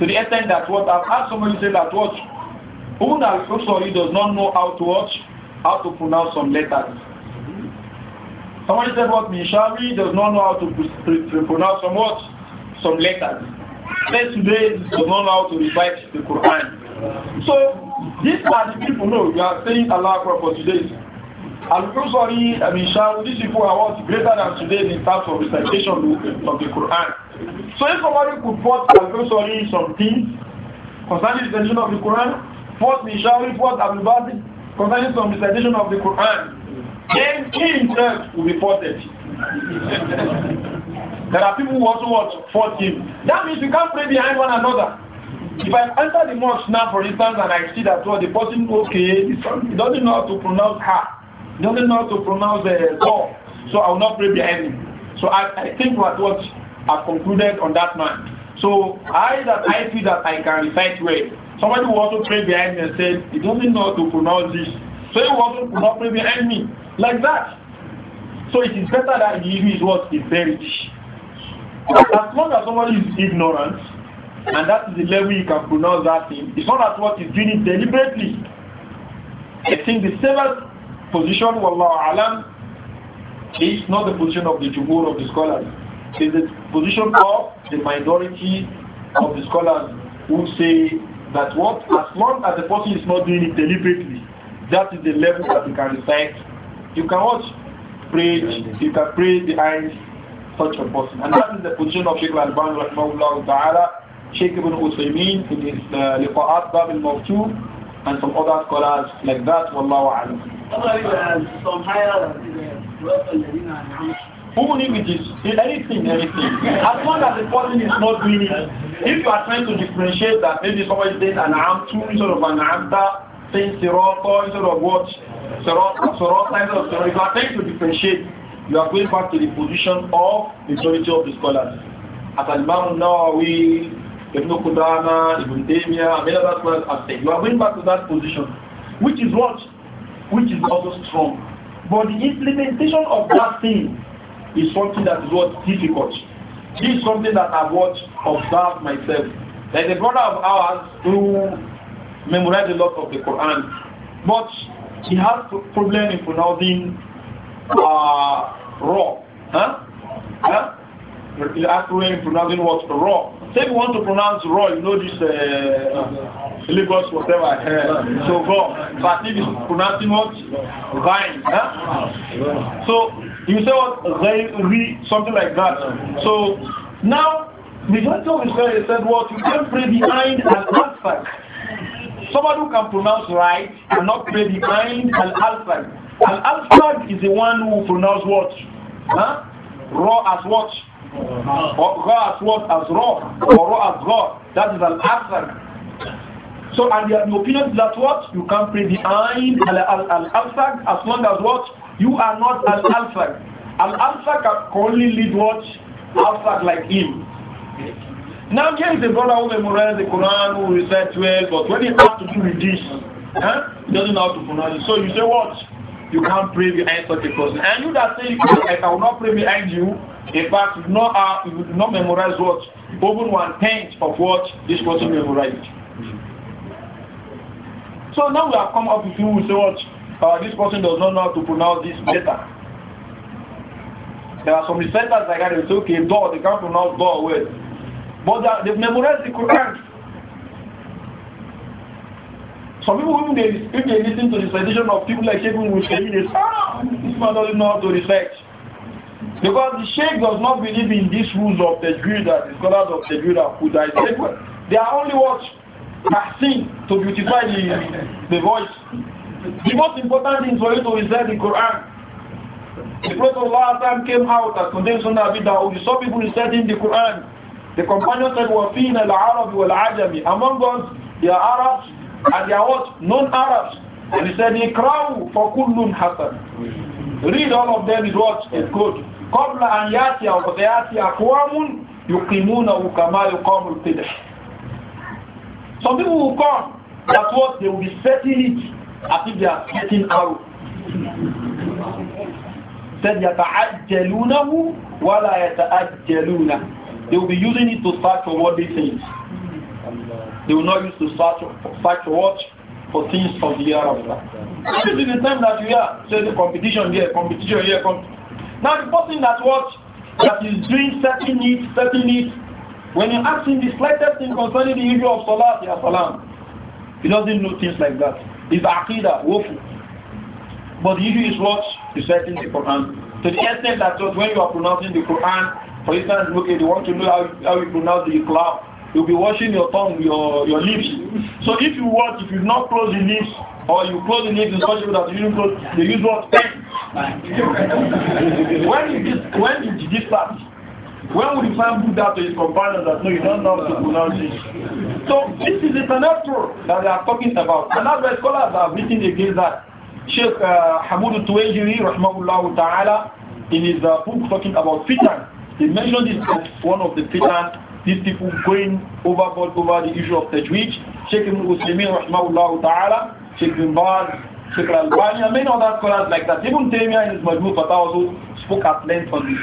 To the extent that what I've had somebody say that what Ibn al-Qusari does not know how to watch, how to pronounce some letters. Somebody said what Mishari does not know how to pronounce some what? Some letters. Says today does not know how to recite the Quran. So these are the people know you are saying Allah for today. I'm sorry, I mean, shall these people are what greater than today in terms of recitation of the Quran. So if somebody could put I'm sorry some things concerning the recitation of the Quran, put shall put Abu Bakr concerning some recitation of the Quran, then he himself will be faulted. there are people who also watch 14. That means you can't pray behind one another. If I enter the mosque now, for instance, and I see that well, the person, okay, he doesn't know how to pronounce ha, he doesn't know how to pronounce the law, so I will not pray behind him. So I, I think what what I've concluded on that man. So I that I feel that I can recite well. Somebody will also pray behind me and say, he doesn't know how to pronounce this. So he also will not pray behind me. Like that. So it is better that the issue is what is buried. As long as somebody is ignorant, and that is the level you can pronounce that in. It's not that what is doing it deliberately. I think the seventh position, Wallahu Alam, is not the position of the Jumhur of the scholars. It is the position of the minority of the scholars who say that what, as long as the person is not doing it deliberately, that is the level that you can recite. You can watch, pray, you can pray behind such a person. And that is the position of Sheikh Al-Ban, Rahmahullah Ta'ala, Sheikh Ibn Uthaymeen in his uh, Liqa'at Bab al-Mawtub and some other scholars like that, Wallahu A'lam. Even if it is anything, anything, as long as the person is not doing it, if you are trying to differentiate that maybe somebody says an arm two instead of an amta, saying sirota instead of what, sirota, sirota instead of sirota, if you are trying to differentiate, you are going back to the position of the majority of the scholars. As Al-Imam Nawawi Ibn Qudama, Ibn Taymiyyah, many other scholars have said. You are going back to that position, which is what? Which is also strong. But the implementation of that thing is something that is what difficult. This is something that I've watched, observed myself. There's a brother of ours who memorized a lot of the Quran, but he has problem in pronouncing uh, raw. Huh? Huh? He has problem in pronouncing what raw. Say you want to pronounce raw, you know this uh, uh, Lagos whatever. Uh, so raw, but if it's pronouncing what vine. Huh? So you say what re something like that. So now the title of Israel said what you can pray behind an alpha. Somebody who can pronounce right cannot not pray behind an alpha. An alpha is the one who pronounce what, huh? Raw as what. Or Ra as what? As Ra. Or Ra as Ra. That is an Asag. So, and your opinion that what? You can pray behind Al-Asag as long as what? You are not Al-Asag. Al-Asag can only lead what? Asag like him. Now, here is a brother who memorized the Quran, who recites well, but when it has to do with this, eh? he doesn't know how to pronounce it. So you say what? you can't pray behind such a person. And you that say, I will not pray behind you, in fact, you will not, uh, you not memorize what? Even one tenth of what this person memorized. So now we have come up with you who say what? Uh, this person does not know how to pronounce this letter. There are some researchers like that, they say, okay, door, they can't pronounce door well. But they've memorized the Quran. Some people, even they, if they listen to the tradition of people like Sheikh Muslim, they say, ah, this man doesn't know how to reflect. Because the Sheikh does not believe in these rules of the Jew that the scholars of the Jew have put. That they are only what vaccine to beautify the, the voice. The most important thing for you to recite the Quran. The Prophet of Allah came out as condemned Sunnah Abi Dawud. You saw people reciting the Quran. The companion said, وَفِينَ الْعَرَبِ ajami Among us, the Arabs and they are what? Non-Arabs. And he said, Ikraw for kullun hasan. Read all of them is what? Is good. قبل أن يأتي أو يأتي أقوام يقيمونه كما يقام القدح. Some people will come, that's what they will be setting it as if they are setting out. Said يتعجلونه ولا يتأجلونه. They will be using it to start for what they think. They will not use to search fight to watch for things from the year that. This is the time that you are. So the competition here, competition here. competition. now the person that watch that is doing certain needs, certain needs, when you ask him the slightest thing concerning the issue of salat, ya salam, he doesn't know things like that. It's aqidah, wofu. But the issue is what? Reciting the Quran. To the extent that just when you are pronouncing the Quran, for instance, okay, they want to know how, how you pronounce the Iqlaq you'll be washing your tongue, your, your lips. So if you wash, if you not close the lips, or you close the lips it's possible that you close, they use what? when did when did this start? When would the man do that to his companions that no, you don't know how to pronounce it? So this is the natural that they are talking about. Another scholars are written against that. Sheikh uh, Hamoud Tuwejiri, rahmahullah ta'ala, in his uh, book talking about fitan, he mentioned this as one of the fitan these people going overboard over the issue of Tajweed, Sheikh Ibn Usaymin rahmahullah ta'ala, Sheikh Ibn Baz, Sheikh Al-Albani, and many other scholars like that. Even Taymiyyah in his Majmu Fatah also spoke at length on this.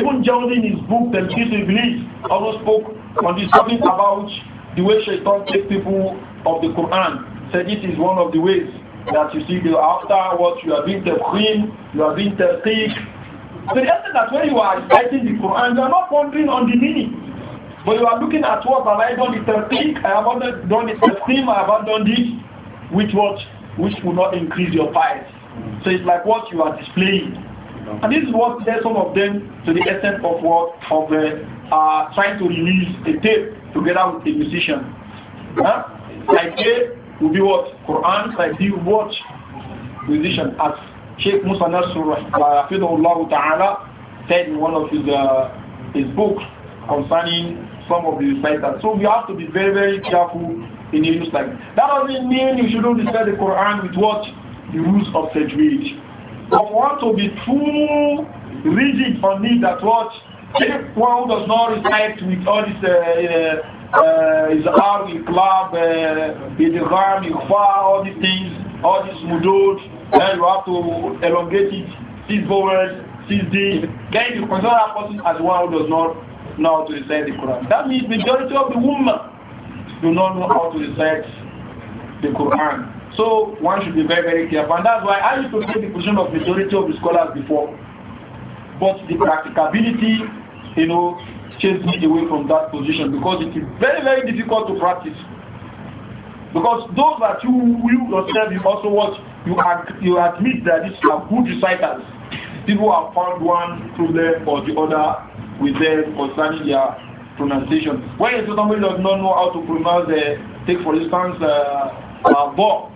Even Jawzi in his book, Tajweed Iblis, also spoke on this, talking about the way Shaitan takes people of the Quran. Said this is one of the ways that you see after what you have been tafkhim, you have been tafqiq. So the essence that when you are reciting the Quran, you are not pondering on the meaning. But you are looking at what have I done the taslim, I have done the taslim, I have done this, which what? Which will not increase your price. So it's like what you are displaying. And this is what led some of them to the extent of what? Of uh, uh, trying to release a tape together with a musician. Huh? Like A will be what? Quran, like B what? Musician. As Sheikh Musa Nasrullah Ta'ala said in one of his, uh, his books concerning some of the reciters. So we have to be very, very careful in the use like that. That doesn't mean you shouldn't recite the Quran with what? The rules of tajweed. But we want to be too rigid on it that what? Anyone who does not recite with all this the Iqlab, Idgham, Iqfa, all these things, all these mudod, then you have to elongate it, six vowels, six days. Then you consider that person as one who does not know how to recite the Quran. That means majority of the women do not know how to recite the Quran. So one should be very, very careful. And that's why I used to take the position of majority of the scholars before. But the practicability, you know, changed me away from that position because it is very, very difficult to practice. Because those that you, you yourself, you also watch. you, you admit that these are good reciters. People have found one problem or the other with them concerning their pronunciation. When you somebody does not know how to pronounce the, take for instance, uh, uh, bo,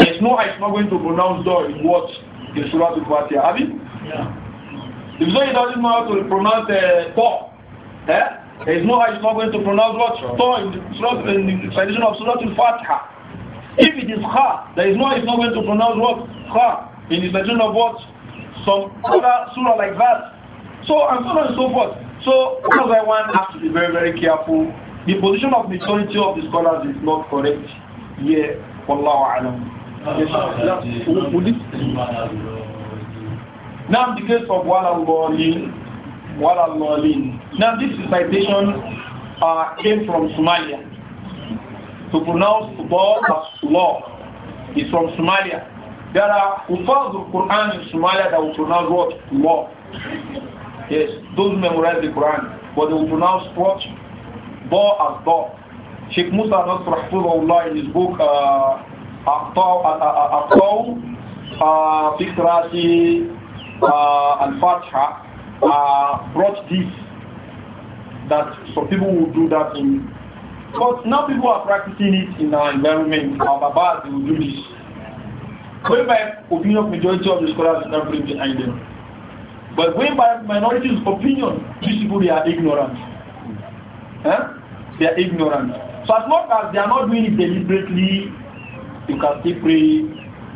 there's no, it's not going to pronounce door in what the Surah to fatiha have you? Yeah. If somebody doesn't know how to pronounce uh, bo, eh? there's no, it's not going to pronounce what door in, the tradition of Surah to fatiha If it is "ha," there is no, it's not going to pronounce what "ha" in the tradition of what some other surah like that. So and so on and so forth. So because I want has to be very, very careful. The position of majority of the scholars is not correct. Yeah, for alam. now the case of Walalolin, Walalolin. Now this citation uh, came from Somalia. To pronounce law as law is from Somalia. There are Ufaz of Quran in Somalia that will pronounce what? Law. Yes, those not memorize the Quran, but they will pronounce what? Ba as Ba. Sheikh Musa Nasr Allah in his book, uh, Aqtaw, uh, uh, Fikrati, Al-Fatiha, brought this, that some people will do that in but now people are practicing it in our environment. Our babas, they will do this. back, opinion of majority of the scholars is not bring behind them. But when minorities' opinion, these people they are ignorant. Huh? They are ignorant. So as long as they are not doing it deliberately, you can still pray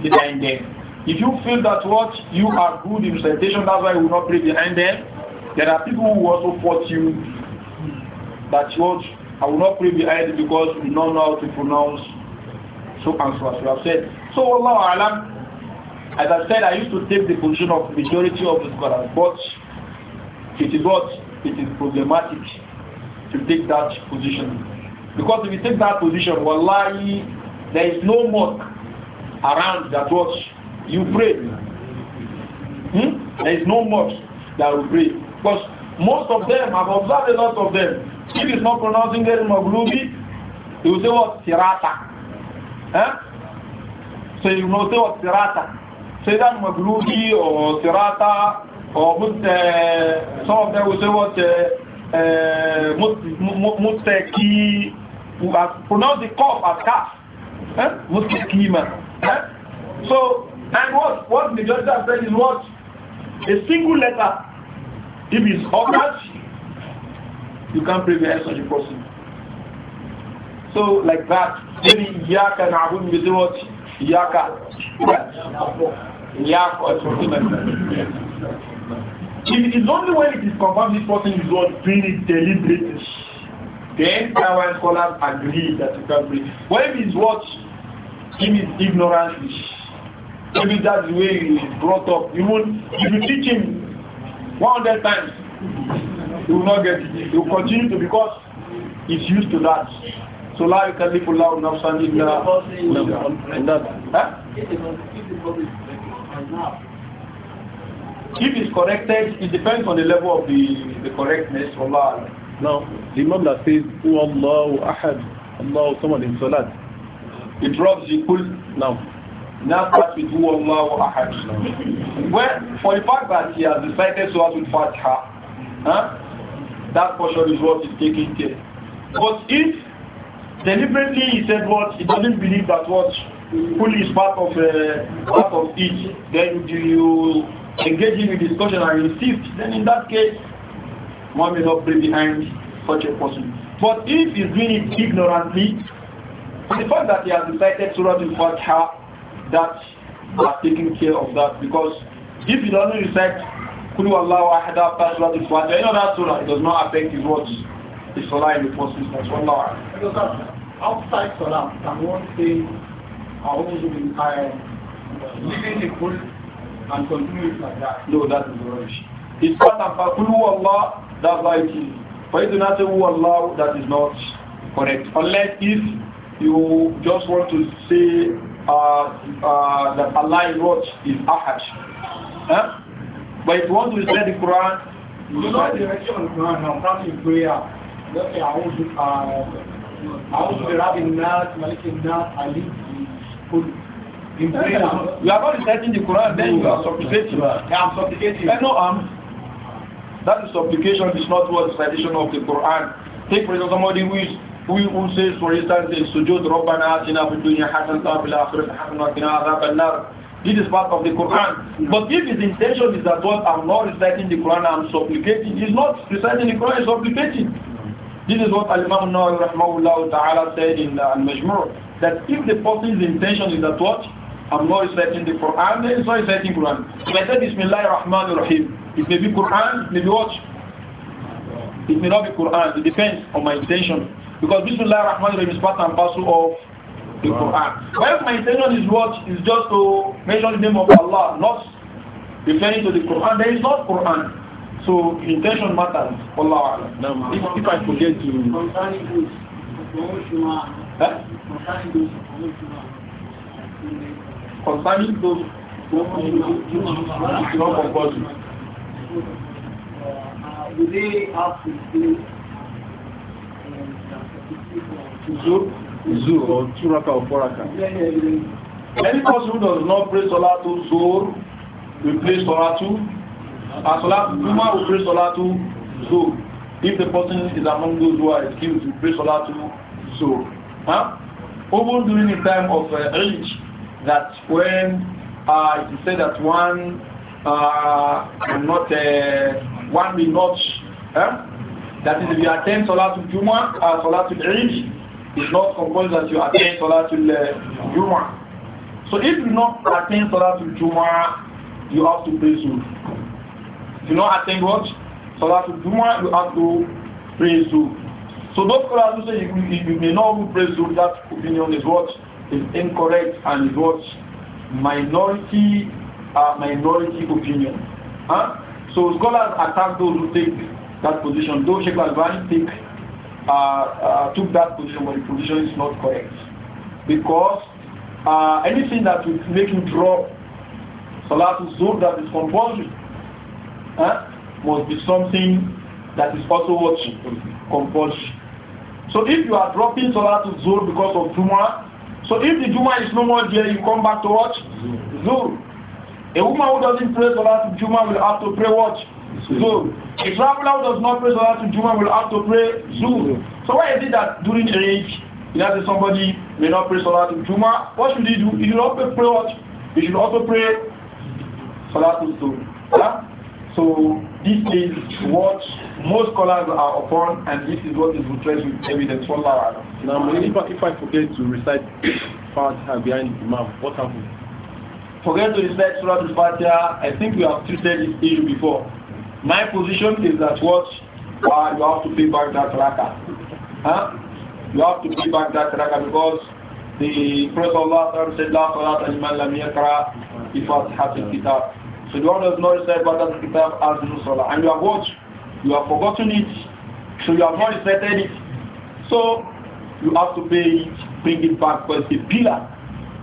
behind them. If you feel that what you are good in recitation, that's why you will not pray behind them. There are people who also fought you that what I will not pray behind because we don't know how to pronounce so and so as you have said. So Allah Alam, as I said, I used to take the position of majority of the scholars, but it is what it is problematic to take that position. Because if you take that position, wallahi, there is no mosque around that what you pray. Hmm? There is no mosque that will pray. Because most of them, I've observed a lot of them, if it's not pronouncing their Maglubi, they will say what? Sirata. Huh? So you will say what? Sirata. Satan Maghrubi or Sirata or Mut, uh, some of them will say what uh, Muteki, who has pronounced the cough as calf. Eh? Mutekima. Eh? So, and what, what the judge has said is what? A single letter, if it's uttered, you can't pray against such a person. So, like that, maybe Yaka Nahum, you say what? Yaka lack or something like that. If it is only when it is confirmed this person is not doing it deliberately, then Taiwan scholars agree that you can bring. But it's what? If is ignorance, maybe that's the way he is brought up. Even if you teach him 100 times, he will not get it. He will continue to because he's used to that. So now la yukallifu Allahu nafsan illa. And that. Huh? If it's corrected, it depends on the level of the, the correctness. Allah. Now, the Imam that says, Who Allahu Ahad, Allah someone in Salat. It drops the kul now. Now starts with Who Allah Ahad. No. Well, for the fact that he has recited to with Fatiha, huh, that portion is what is taking care. But if deliberately he said what, he doesn't believe that what Food is part of uh, part of it. Then do you engage in the discussion and insist? Then in that case, one may not be behind such a person. But if he's doing it ignorantly, the fact that he has recited Surah al her, that are taking care of that because if he doesn't recite Kulu Allah Ahad after Surah Al-Fatiha, you know that Surah, it does not affect his words, It's Salah in the first instance. Wallahu Outside Salah, can one say I بالله uh, leaving the full and continue like that. No, that is rubbish. It's part and who Allah, that's why it is. not who Allah, that is not correct. Unless if you just want to say uh, uh, that Allah is what is Ahad. Huh? But if you want to say the Quran, you not direction of Quran now, prayer. Just say, I want I want to be Rabbi Nas, Malik Nas, Ali. In prayer. You are not reciting the Quran, then you are supplicating. I am supplicating. I eh, know I'm. Um, that is supplication, it's not what recitation of the Quran. Take for example somebody who is who, who says for instance in sujud Rabbana atina fid dunya hasanatan fil This is part of the Quran. But if his intention is that what I'm not reciting the Quran, I'm supplicating. He's not reciting the Quran, he's supplicating. This is what Al-Imam Nawawi rahmahullah ta'ala said in the uh, Al-Majmu' that if the person's intention is that what? I'm not reciting the Quran, then it's not reciting Quran. If I say Bismillah Rahman Rahim, it may be Quran, it may be what? It may not be Quran, it depends on my intention. Because Bismillah Rahman Rahim is part and parcel of the Quran. But if my intention is what? Is just to mention the name of Allah, not referring to the Quran, then it's not Quran. So intention matters. Allah. No, if, if I forget to. Concerning those who are not compulsory. Do uh, they have to do Zuhr? Zuhr or Turaka or Foraka? Any person who does not pray Salatu Zuhr will pray Salatu. As Salatu Juma will pray Salatu Zuhr. If the person is among those who are excused, will pray Salatu Zuhr. Huh? Even during the time of uh, age, that when uh, say that one uh, not uh, one will not huh? that is if you attend Salatul Juma uh, Salatul Eid it's not compulsory that you attend Salatul uh, Juma so if you not attend Salatul Juma you have to pray soon if you not attend what Salatul Juma you have to pray soon so those scholars who say you, you, you may not praise that opinion is what is incorrect and is what minority uh, minority opinion. Huh? So scholars attack those who take that position. Those Sheikh Albani take uh, uh, took that position, but the position is not correct because uh, anything that would make you drop Salatul that is compulsory huh, must be something that is also what compulsory. So if you are dropping Salah to Zuhr because of Juma, so if the Juma is no more there, you come back to what? Zuhr. A woman who doesn't pray Salah to Juma will have to pray what? Zuhr. A traveler who does not pray Salah to Juma will have to pray Zuhr. So why is it that during Eid, you know, somebody may not pray Salah to Juma, what should he do? He should also pray what? He should also pray Salah to Zuhr. Yeah? So this is what most scholars are upon, and this is what is replaced with evidence. Now, if I, if I forget to recite Fatiha uh, behind the Imam, what happens? Forget to recite Surah Al-Fatiha. I think we have treated this issue before. My position is that what uh, you have to pay back that raka. Huh? You have to pay back that raka because the Prophet Allah said, La salat al-man lam yakra bi So the one has not recite Fatihatil kitab as no salah. And you have watched you have forgotten it. So you have not recited it. So you have to pay it, bring it back. But it's a pillar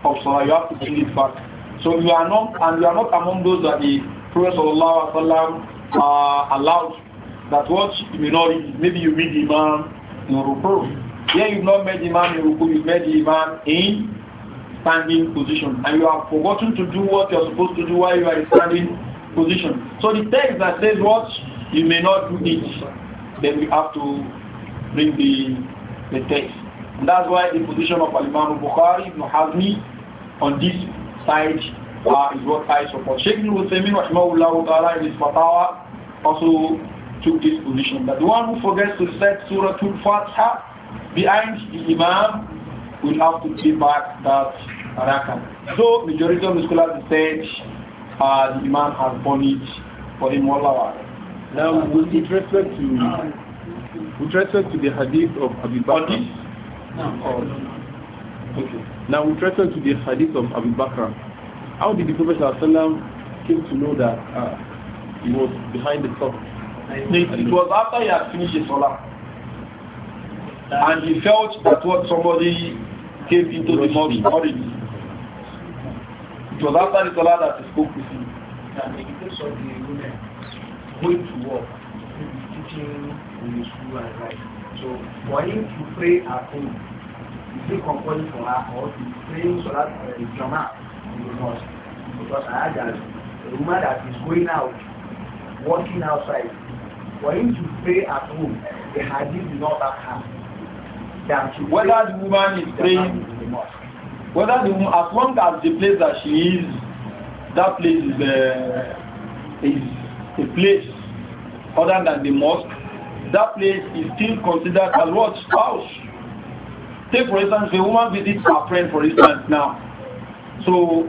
of Salah. You have to bring it back. So you are not, and you are not among those that the Prophet Sallallahu Alaihi Wasallam uh, allowed that what you may not read. Maybe you read the Imam in Rukur. Here you've not made the Imam in Rukur, you've met the Imam in standing position. And you have forgotten to do what you're supposed to do while you are in standing position. So the text that says what you may not do it, then we have to bring the, the text. And that's why the position of Al-Imam Bukhari, Ibn Hazmi, on this side uh, is what I support. Sheikh Ibn Uthaymeen, rahimahullah ta'ala, in his fatawa, also took this position. That the one who forgets to set Surah Al-Fatiha behind the Imam will have to give back that rakah. So majority of the scholars said uh, the Imam has borne it for him, Allah. Now, we respect to we respect to the hadith of Abu Bakr. Oh. Okay. Now, we respect to the hadith of Abu Bakr, how did the Prophet ﷺ came to know that uh, he was behind the top? It was after he had finished his salah, and he felt that what somebody came into the mosque It was after the salah that he spoke with him going to work, maybe teaching in the school and right. So for him to pray at home, is it compulsory for her or to pray so that uh, the drama in the mosque? Because I heard that a woman that is going out, walking outside, for him to pray at home, the hadith is not at her. whether the woman is praying, whether the woman, as long as the place that she is, that place is, uh, is a place other than the mosque, that place is still considered a what? House. Take for instance, a woman visits her friend, for instance, now. So,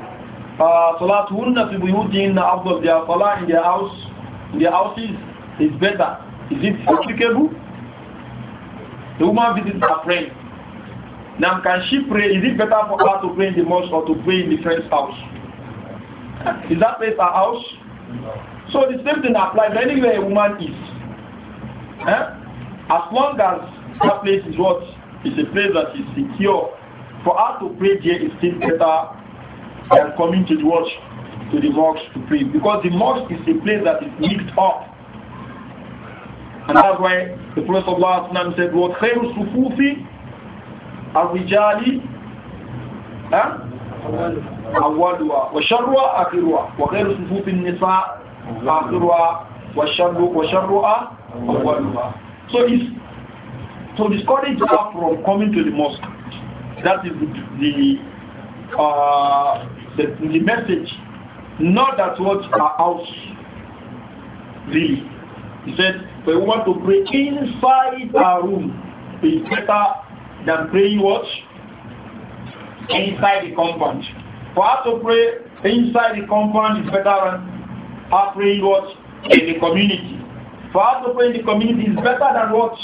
uh, Salatuhunna fi buyutin of their color in their house, in their houses is better. Is it applicable? The woman visits her friend. Now, can she pray? Is it better for her to pray in the mosque or to pray in the friend's house? Is that place her house? So the same thing applies anywhere a woman is. Eh? As long as that place is what is a place that is secure, for her to pray there is still better than coming to the watch to the mosque to pray. Because the mosque is a place that is mixed up. And that's why the Prophet of Allah said, What khairu sufufi al-rijali أولها وشرها آخرها وغير صفوف nisa." So wa sharruha awwaluha. So it's to discourage her from coming to the mosque. That is the the, uh, the, the message. Not that what her house really. He said, we want to pray inside our room is better than praying what? Inside the compound. For us to pray inside the compound is better are praying what? In the community. For us to pray in the community is better than what?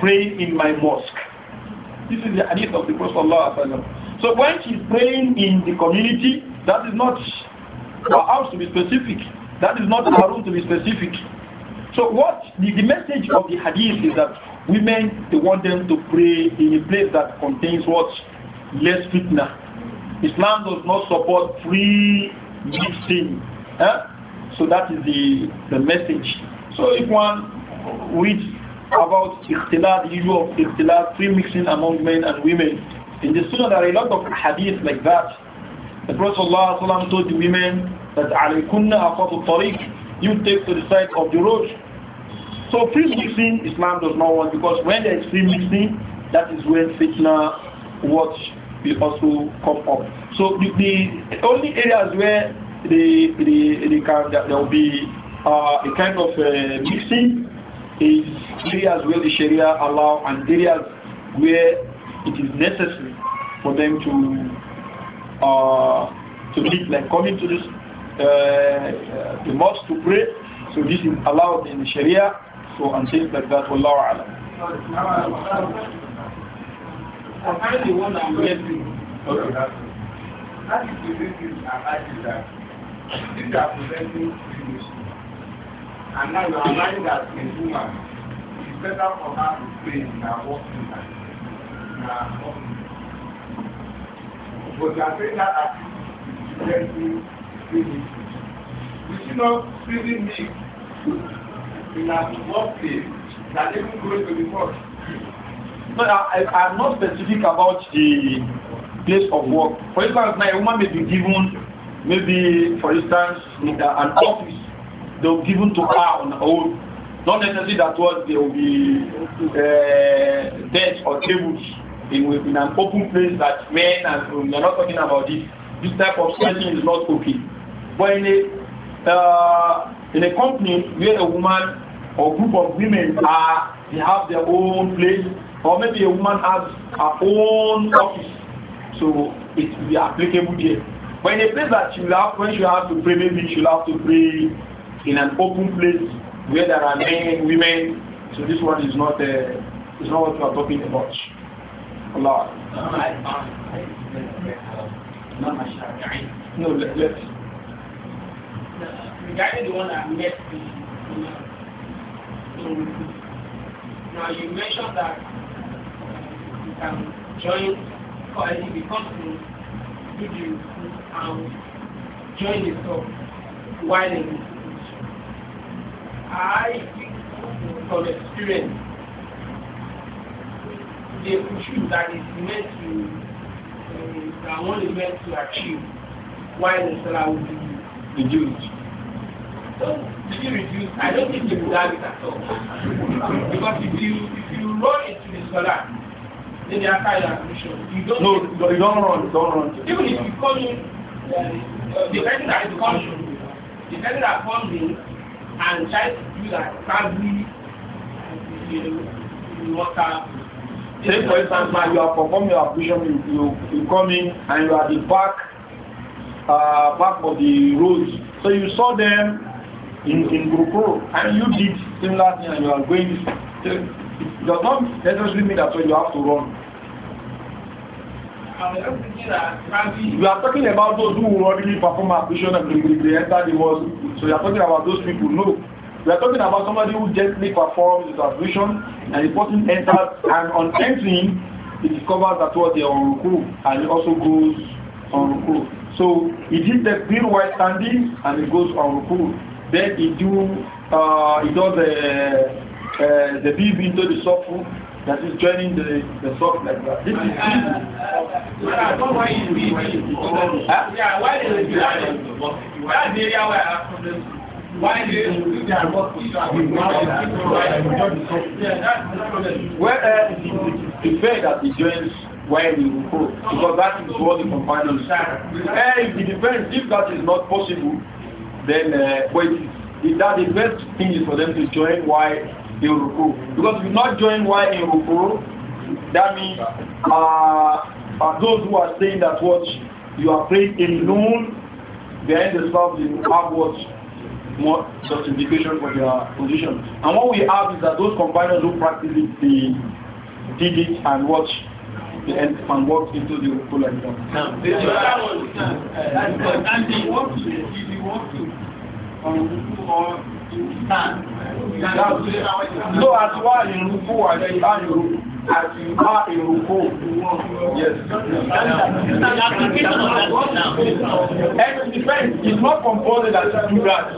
Praying in my mosque. This is the hadith of the Prophet. So when she's praying in the community, that is not our house to be specific. That is not our room to be specific. So what the, the message of the hadith is that women they want them to pray in a place that contains what? Less fitna. Islam does not support free mixing so that is the, the message. So if one reads about ikhtilat, the issue of ikhtilat, pre-mixing among men and women, in the Sunnah there are a lot of hadith like that. The Prophet ﷺ told the women that عَلَيْكُنَّ أَقَطُ tariq You take to the side of the road. So pre-mixing, Islam does not want because when there is pre-mixing, that is when fitna what will also come up. So the, the only areas where they, they, they can, there will be uh, a kind of uh, mixing is areas where the Sharia allow and areas where it is necessary for them to uh, to meet, like coming to this uh, uh the mosque to pray. So this is allowed in Sharia. So and things like that. will alam. Okay. These are preventing previously. And now you are lying that a woman is better for her to pray than what you are. But you are saying that as presenting previously. You should not really mean in our workplace that even going to the court. But I, I, I'm not specific about the place of work. For instance, now a woman may be given maybe, for instance, in the, an office, they'll given to her on her own. Not necessarily that was there will be uh, desks or tables in, in an open place that men and um, are not talking about this. This type of spending is not okay. But in a uh, in a company where a woman or group of women are they have their own place, or maybe a woman has her own office, so it will be applicable there. But in a place that you have, when you have to pray, maybe you have to pray in an open place where there are men, women. So this one is not a, uh, is not what we are talking about. Allah. No, let, let. Regarding the one I met now you mentioned that uh, you can join because any company and um, join the talk while in the I, from experience, the issue that is meant to, uh, that one is meant to achieve while the seller will be reduced. So, if you reduce? I don't think you will deserve it at all. because if you, if you run into the seller, then they are tired of you. You don't, no, you don't run, don't run. Even if you come in the person that is coming, the person that comes in and try to do that probably you know, water. Take for instance now you are performing your ablution, you, you, you come in and you are the back uh, back of the road. So you saw them in, in Guru and you did similar thing and you are going to, it does not necessarily mean that when you have to run. You are talking about those who already perform ablution and they enter the mosque. So you are talking about those people. No. We are talking about somebody who gently performs his ablution and the person enters and on entering he discovers that what they are on ruku and he also goes on ruku. So he did the pure while standing and he goes on ruku. Then he do uh, he does the uh, uh, the bib into the food that is joining the, the soft like that. This is Yeah, why is Yeah, why is the area where I ask them why they are the Well, uh, it fair that he joins where we will go, because that is what the companions uh, it depends, if that is not possible, then uh, but if that the best thing is for them to join why in Ruku. Because if you not join Y in Ruku, that means uh, uh, those who are saying that what you are praying in noon behind the spouse, you have what more justification for their position. And what we have is that those companions who practice it, they did it and watch the end and walked into the pool and that. Now, this is that was, and they want to, if you want to, on um, or so Ló àti wá ìrúkú àti ìbá ìrúkú àti yes. And the defense is not composed as you do that.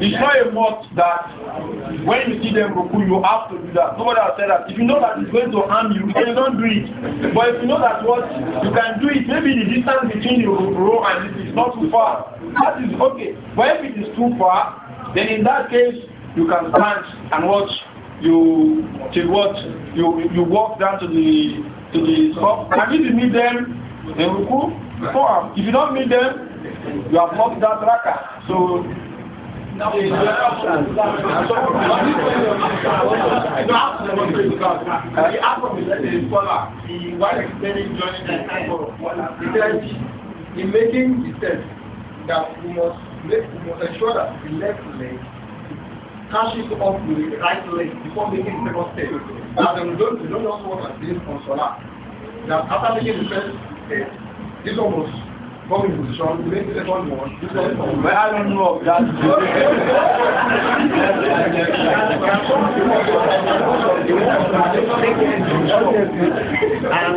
It's not a must that when you see them ruku, you have to do that. Nobody has said that. If you know that it's going to harm you, then you don't do it. But if you know that what you can do it, maybe the distance between the row and it is not too far. That is okay. But if it is too far, then in that case you can stand and watch you till what you you walk down to the to the top and if you meet them they will go for if you don't meet them you have lost that tracker so so in making the test that we must make we must ensure that the left leg catches up with the right leg before making the second step. And then we don't we don't know what has been on solar. That after making the first step, this one must coming to strong, make the second one. But I don't know of that. and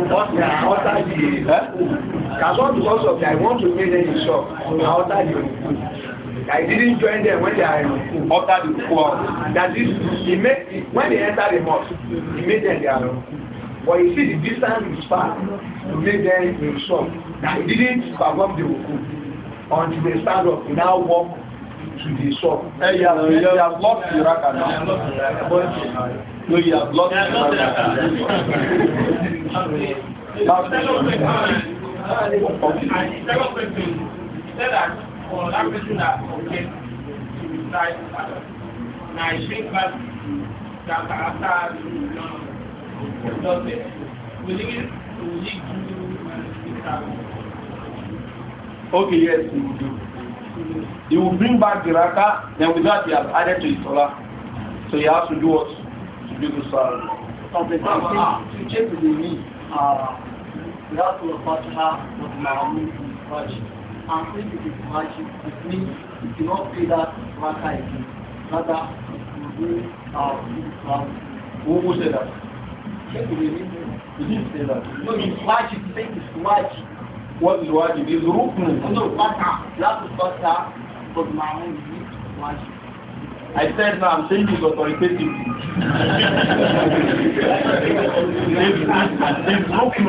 what the outer the as long because of that, I want to make them in shock. Outer the I didn't join them when they are after the war. That is, he made when they enter the mosque, he made them their own. But you see the distance is far to make them in ensure that he didn't perform the work until they stand up. He now walk to the shop. Hey, you have, you have lost the raka now. No, you have lost the raka. For that person that objects to the side, now I think that after Okay, yes, he will do. He will bring back the raka, then with that he has added to his solar. So he has to do what? To do the solar. Okay, Change to check with the knee, uh, without the fatiha, what Mahamud is wajib. And if it is wajib, it means you cannot pay that raka again. Rather, you will do uh, Who said that? Não me esmate, tem que esmate. Quando o ar diz rúculo, quando passa, lá tu passa, por marrom, esmate. I said now I'm saying this authoritatively. it's broken.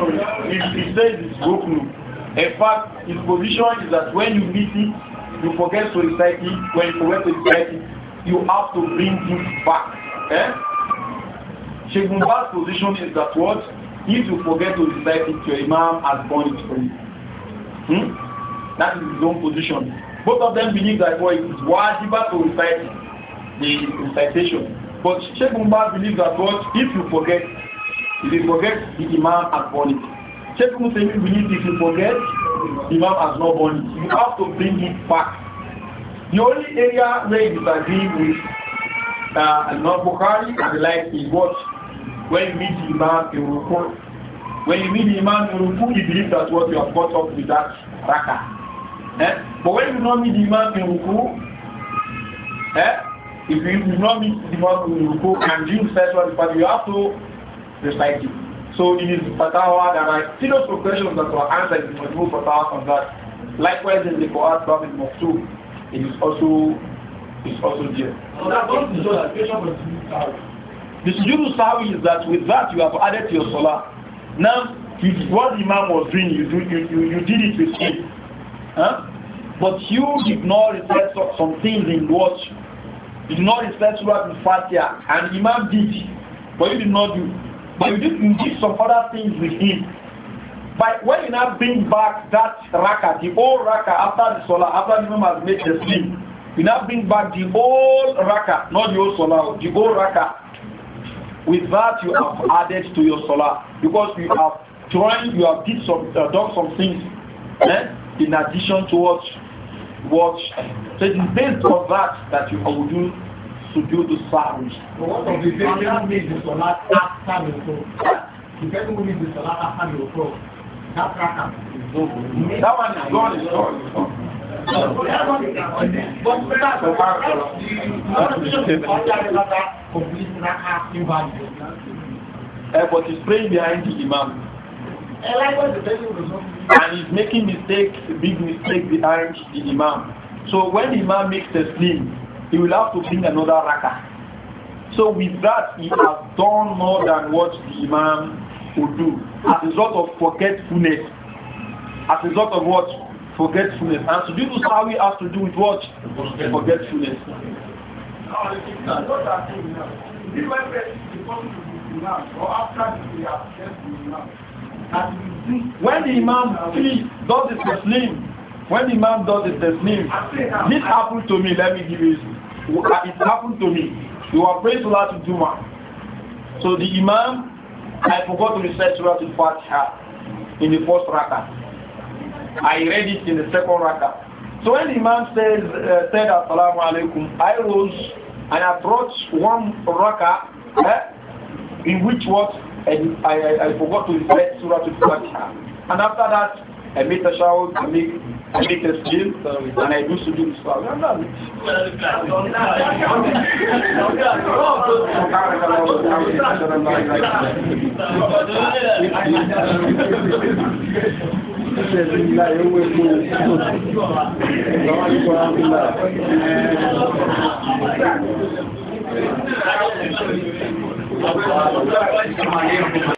He says it's broken. In fact, his position is that when you meet it, you forget to recite it. When you forget to recite it, you have to bring it back. Eh? Sheikh Mubarak's position is that what? If you forget to recite it, your Imam has done it for you. Hmm? That is his own position. Both of them believe that what well, it is wajiba to recite the recitation. But Sheikh Mubarak believes that what? If you forget, if you forget, the Imam has done it. Sheikh Muslim believes if you forget, the Imam has not done it. You have to bring it back. The only area where he disagrees with uh, Imam Bukhari and the like is what when you meet the Imam in Ruku, when you meet the Imam in Ruku, you believe that what you have got up with that raka. Eh? But when you don't meet the Imam in Ruku, eh? if you do not meet the Imam in Ruku and you settle the you have to recite it. So it is fatawa. I are serious questions that were answered in Majmu fatawa from that. Likewise, in the Quran Bab in Muftu, it is also it is also there. So that one is just a question for the sujood sawi is that with that you have added to your salah. Now, what the imam was doing, you, do, you, you, you did it with him. Huh? But you did not reflect some things in what you did not reflect what in Fatiha and Imam did, but you did not do. But you did, you did some other things with him. But when you now bring back that raka, the old raka after the solar, after the Imam has made the sleep, you now bring back the old raka, not the old solar, the old raka with that, you have added to your solar because you have trying, you have did some, uh, done some things eh? in addition to what, what. So it is based on that that you will do to do the solar. the after the after the that one Is gone. Eh, but he's praying behind the imam. And he's making mistakes, big mistake behind the imam. So when the imam makes a slim, he will have to bring another raka. So with that, he has done more than what the imam would do. As a result of forgetfulness. As a result of what? forgetfulness. And to do we have to do with what? Forgetfulness. When the Imam please does the Taslim, when the Imam does the Taslim, this happened to me, let me give you uh, it happened to me. You are praying to Allah to do one. So the Imam, I forgot to recite Surah Al-Fatiha in the first rakah. I read it in the second rakah. So when the Imam says, uh, said Assalamu alaikum, I rose and I brought one rakah eh, in which what I, I, I forgot to recite Surah Al-Fatiha. And after that, é make a shout, I make I make a spin, and I do sujood as well. Thank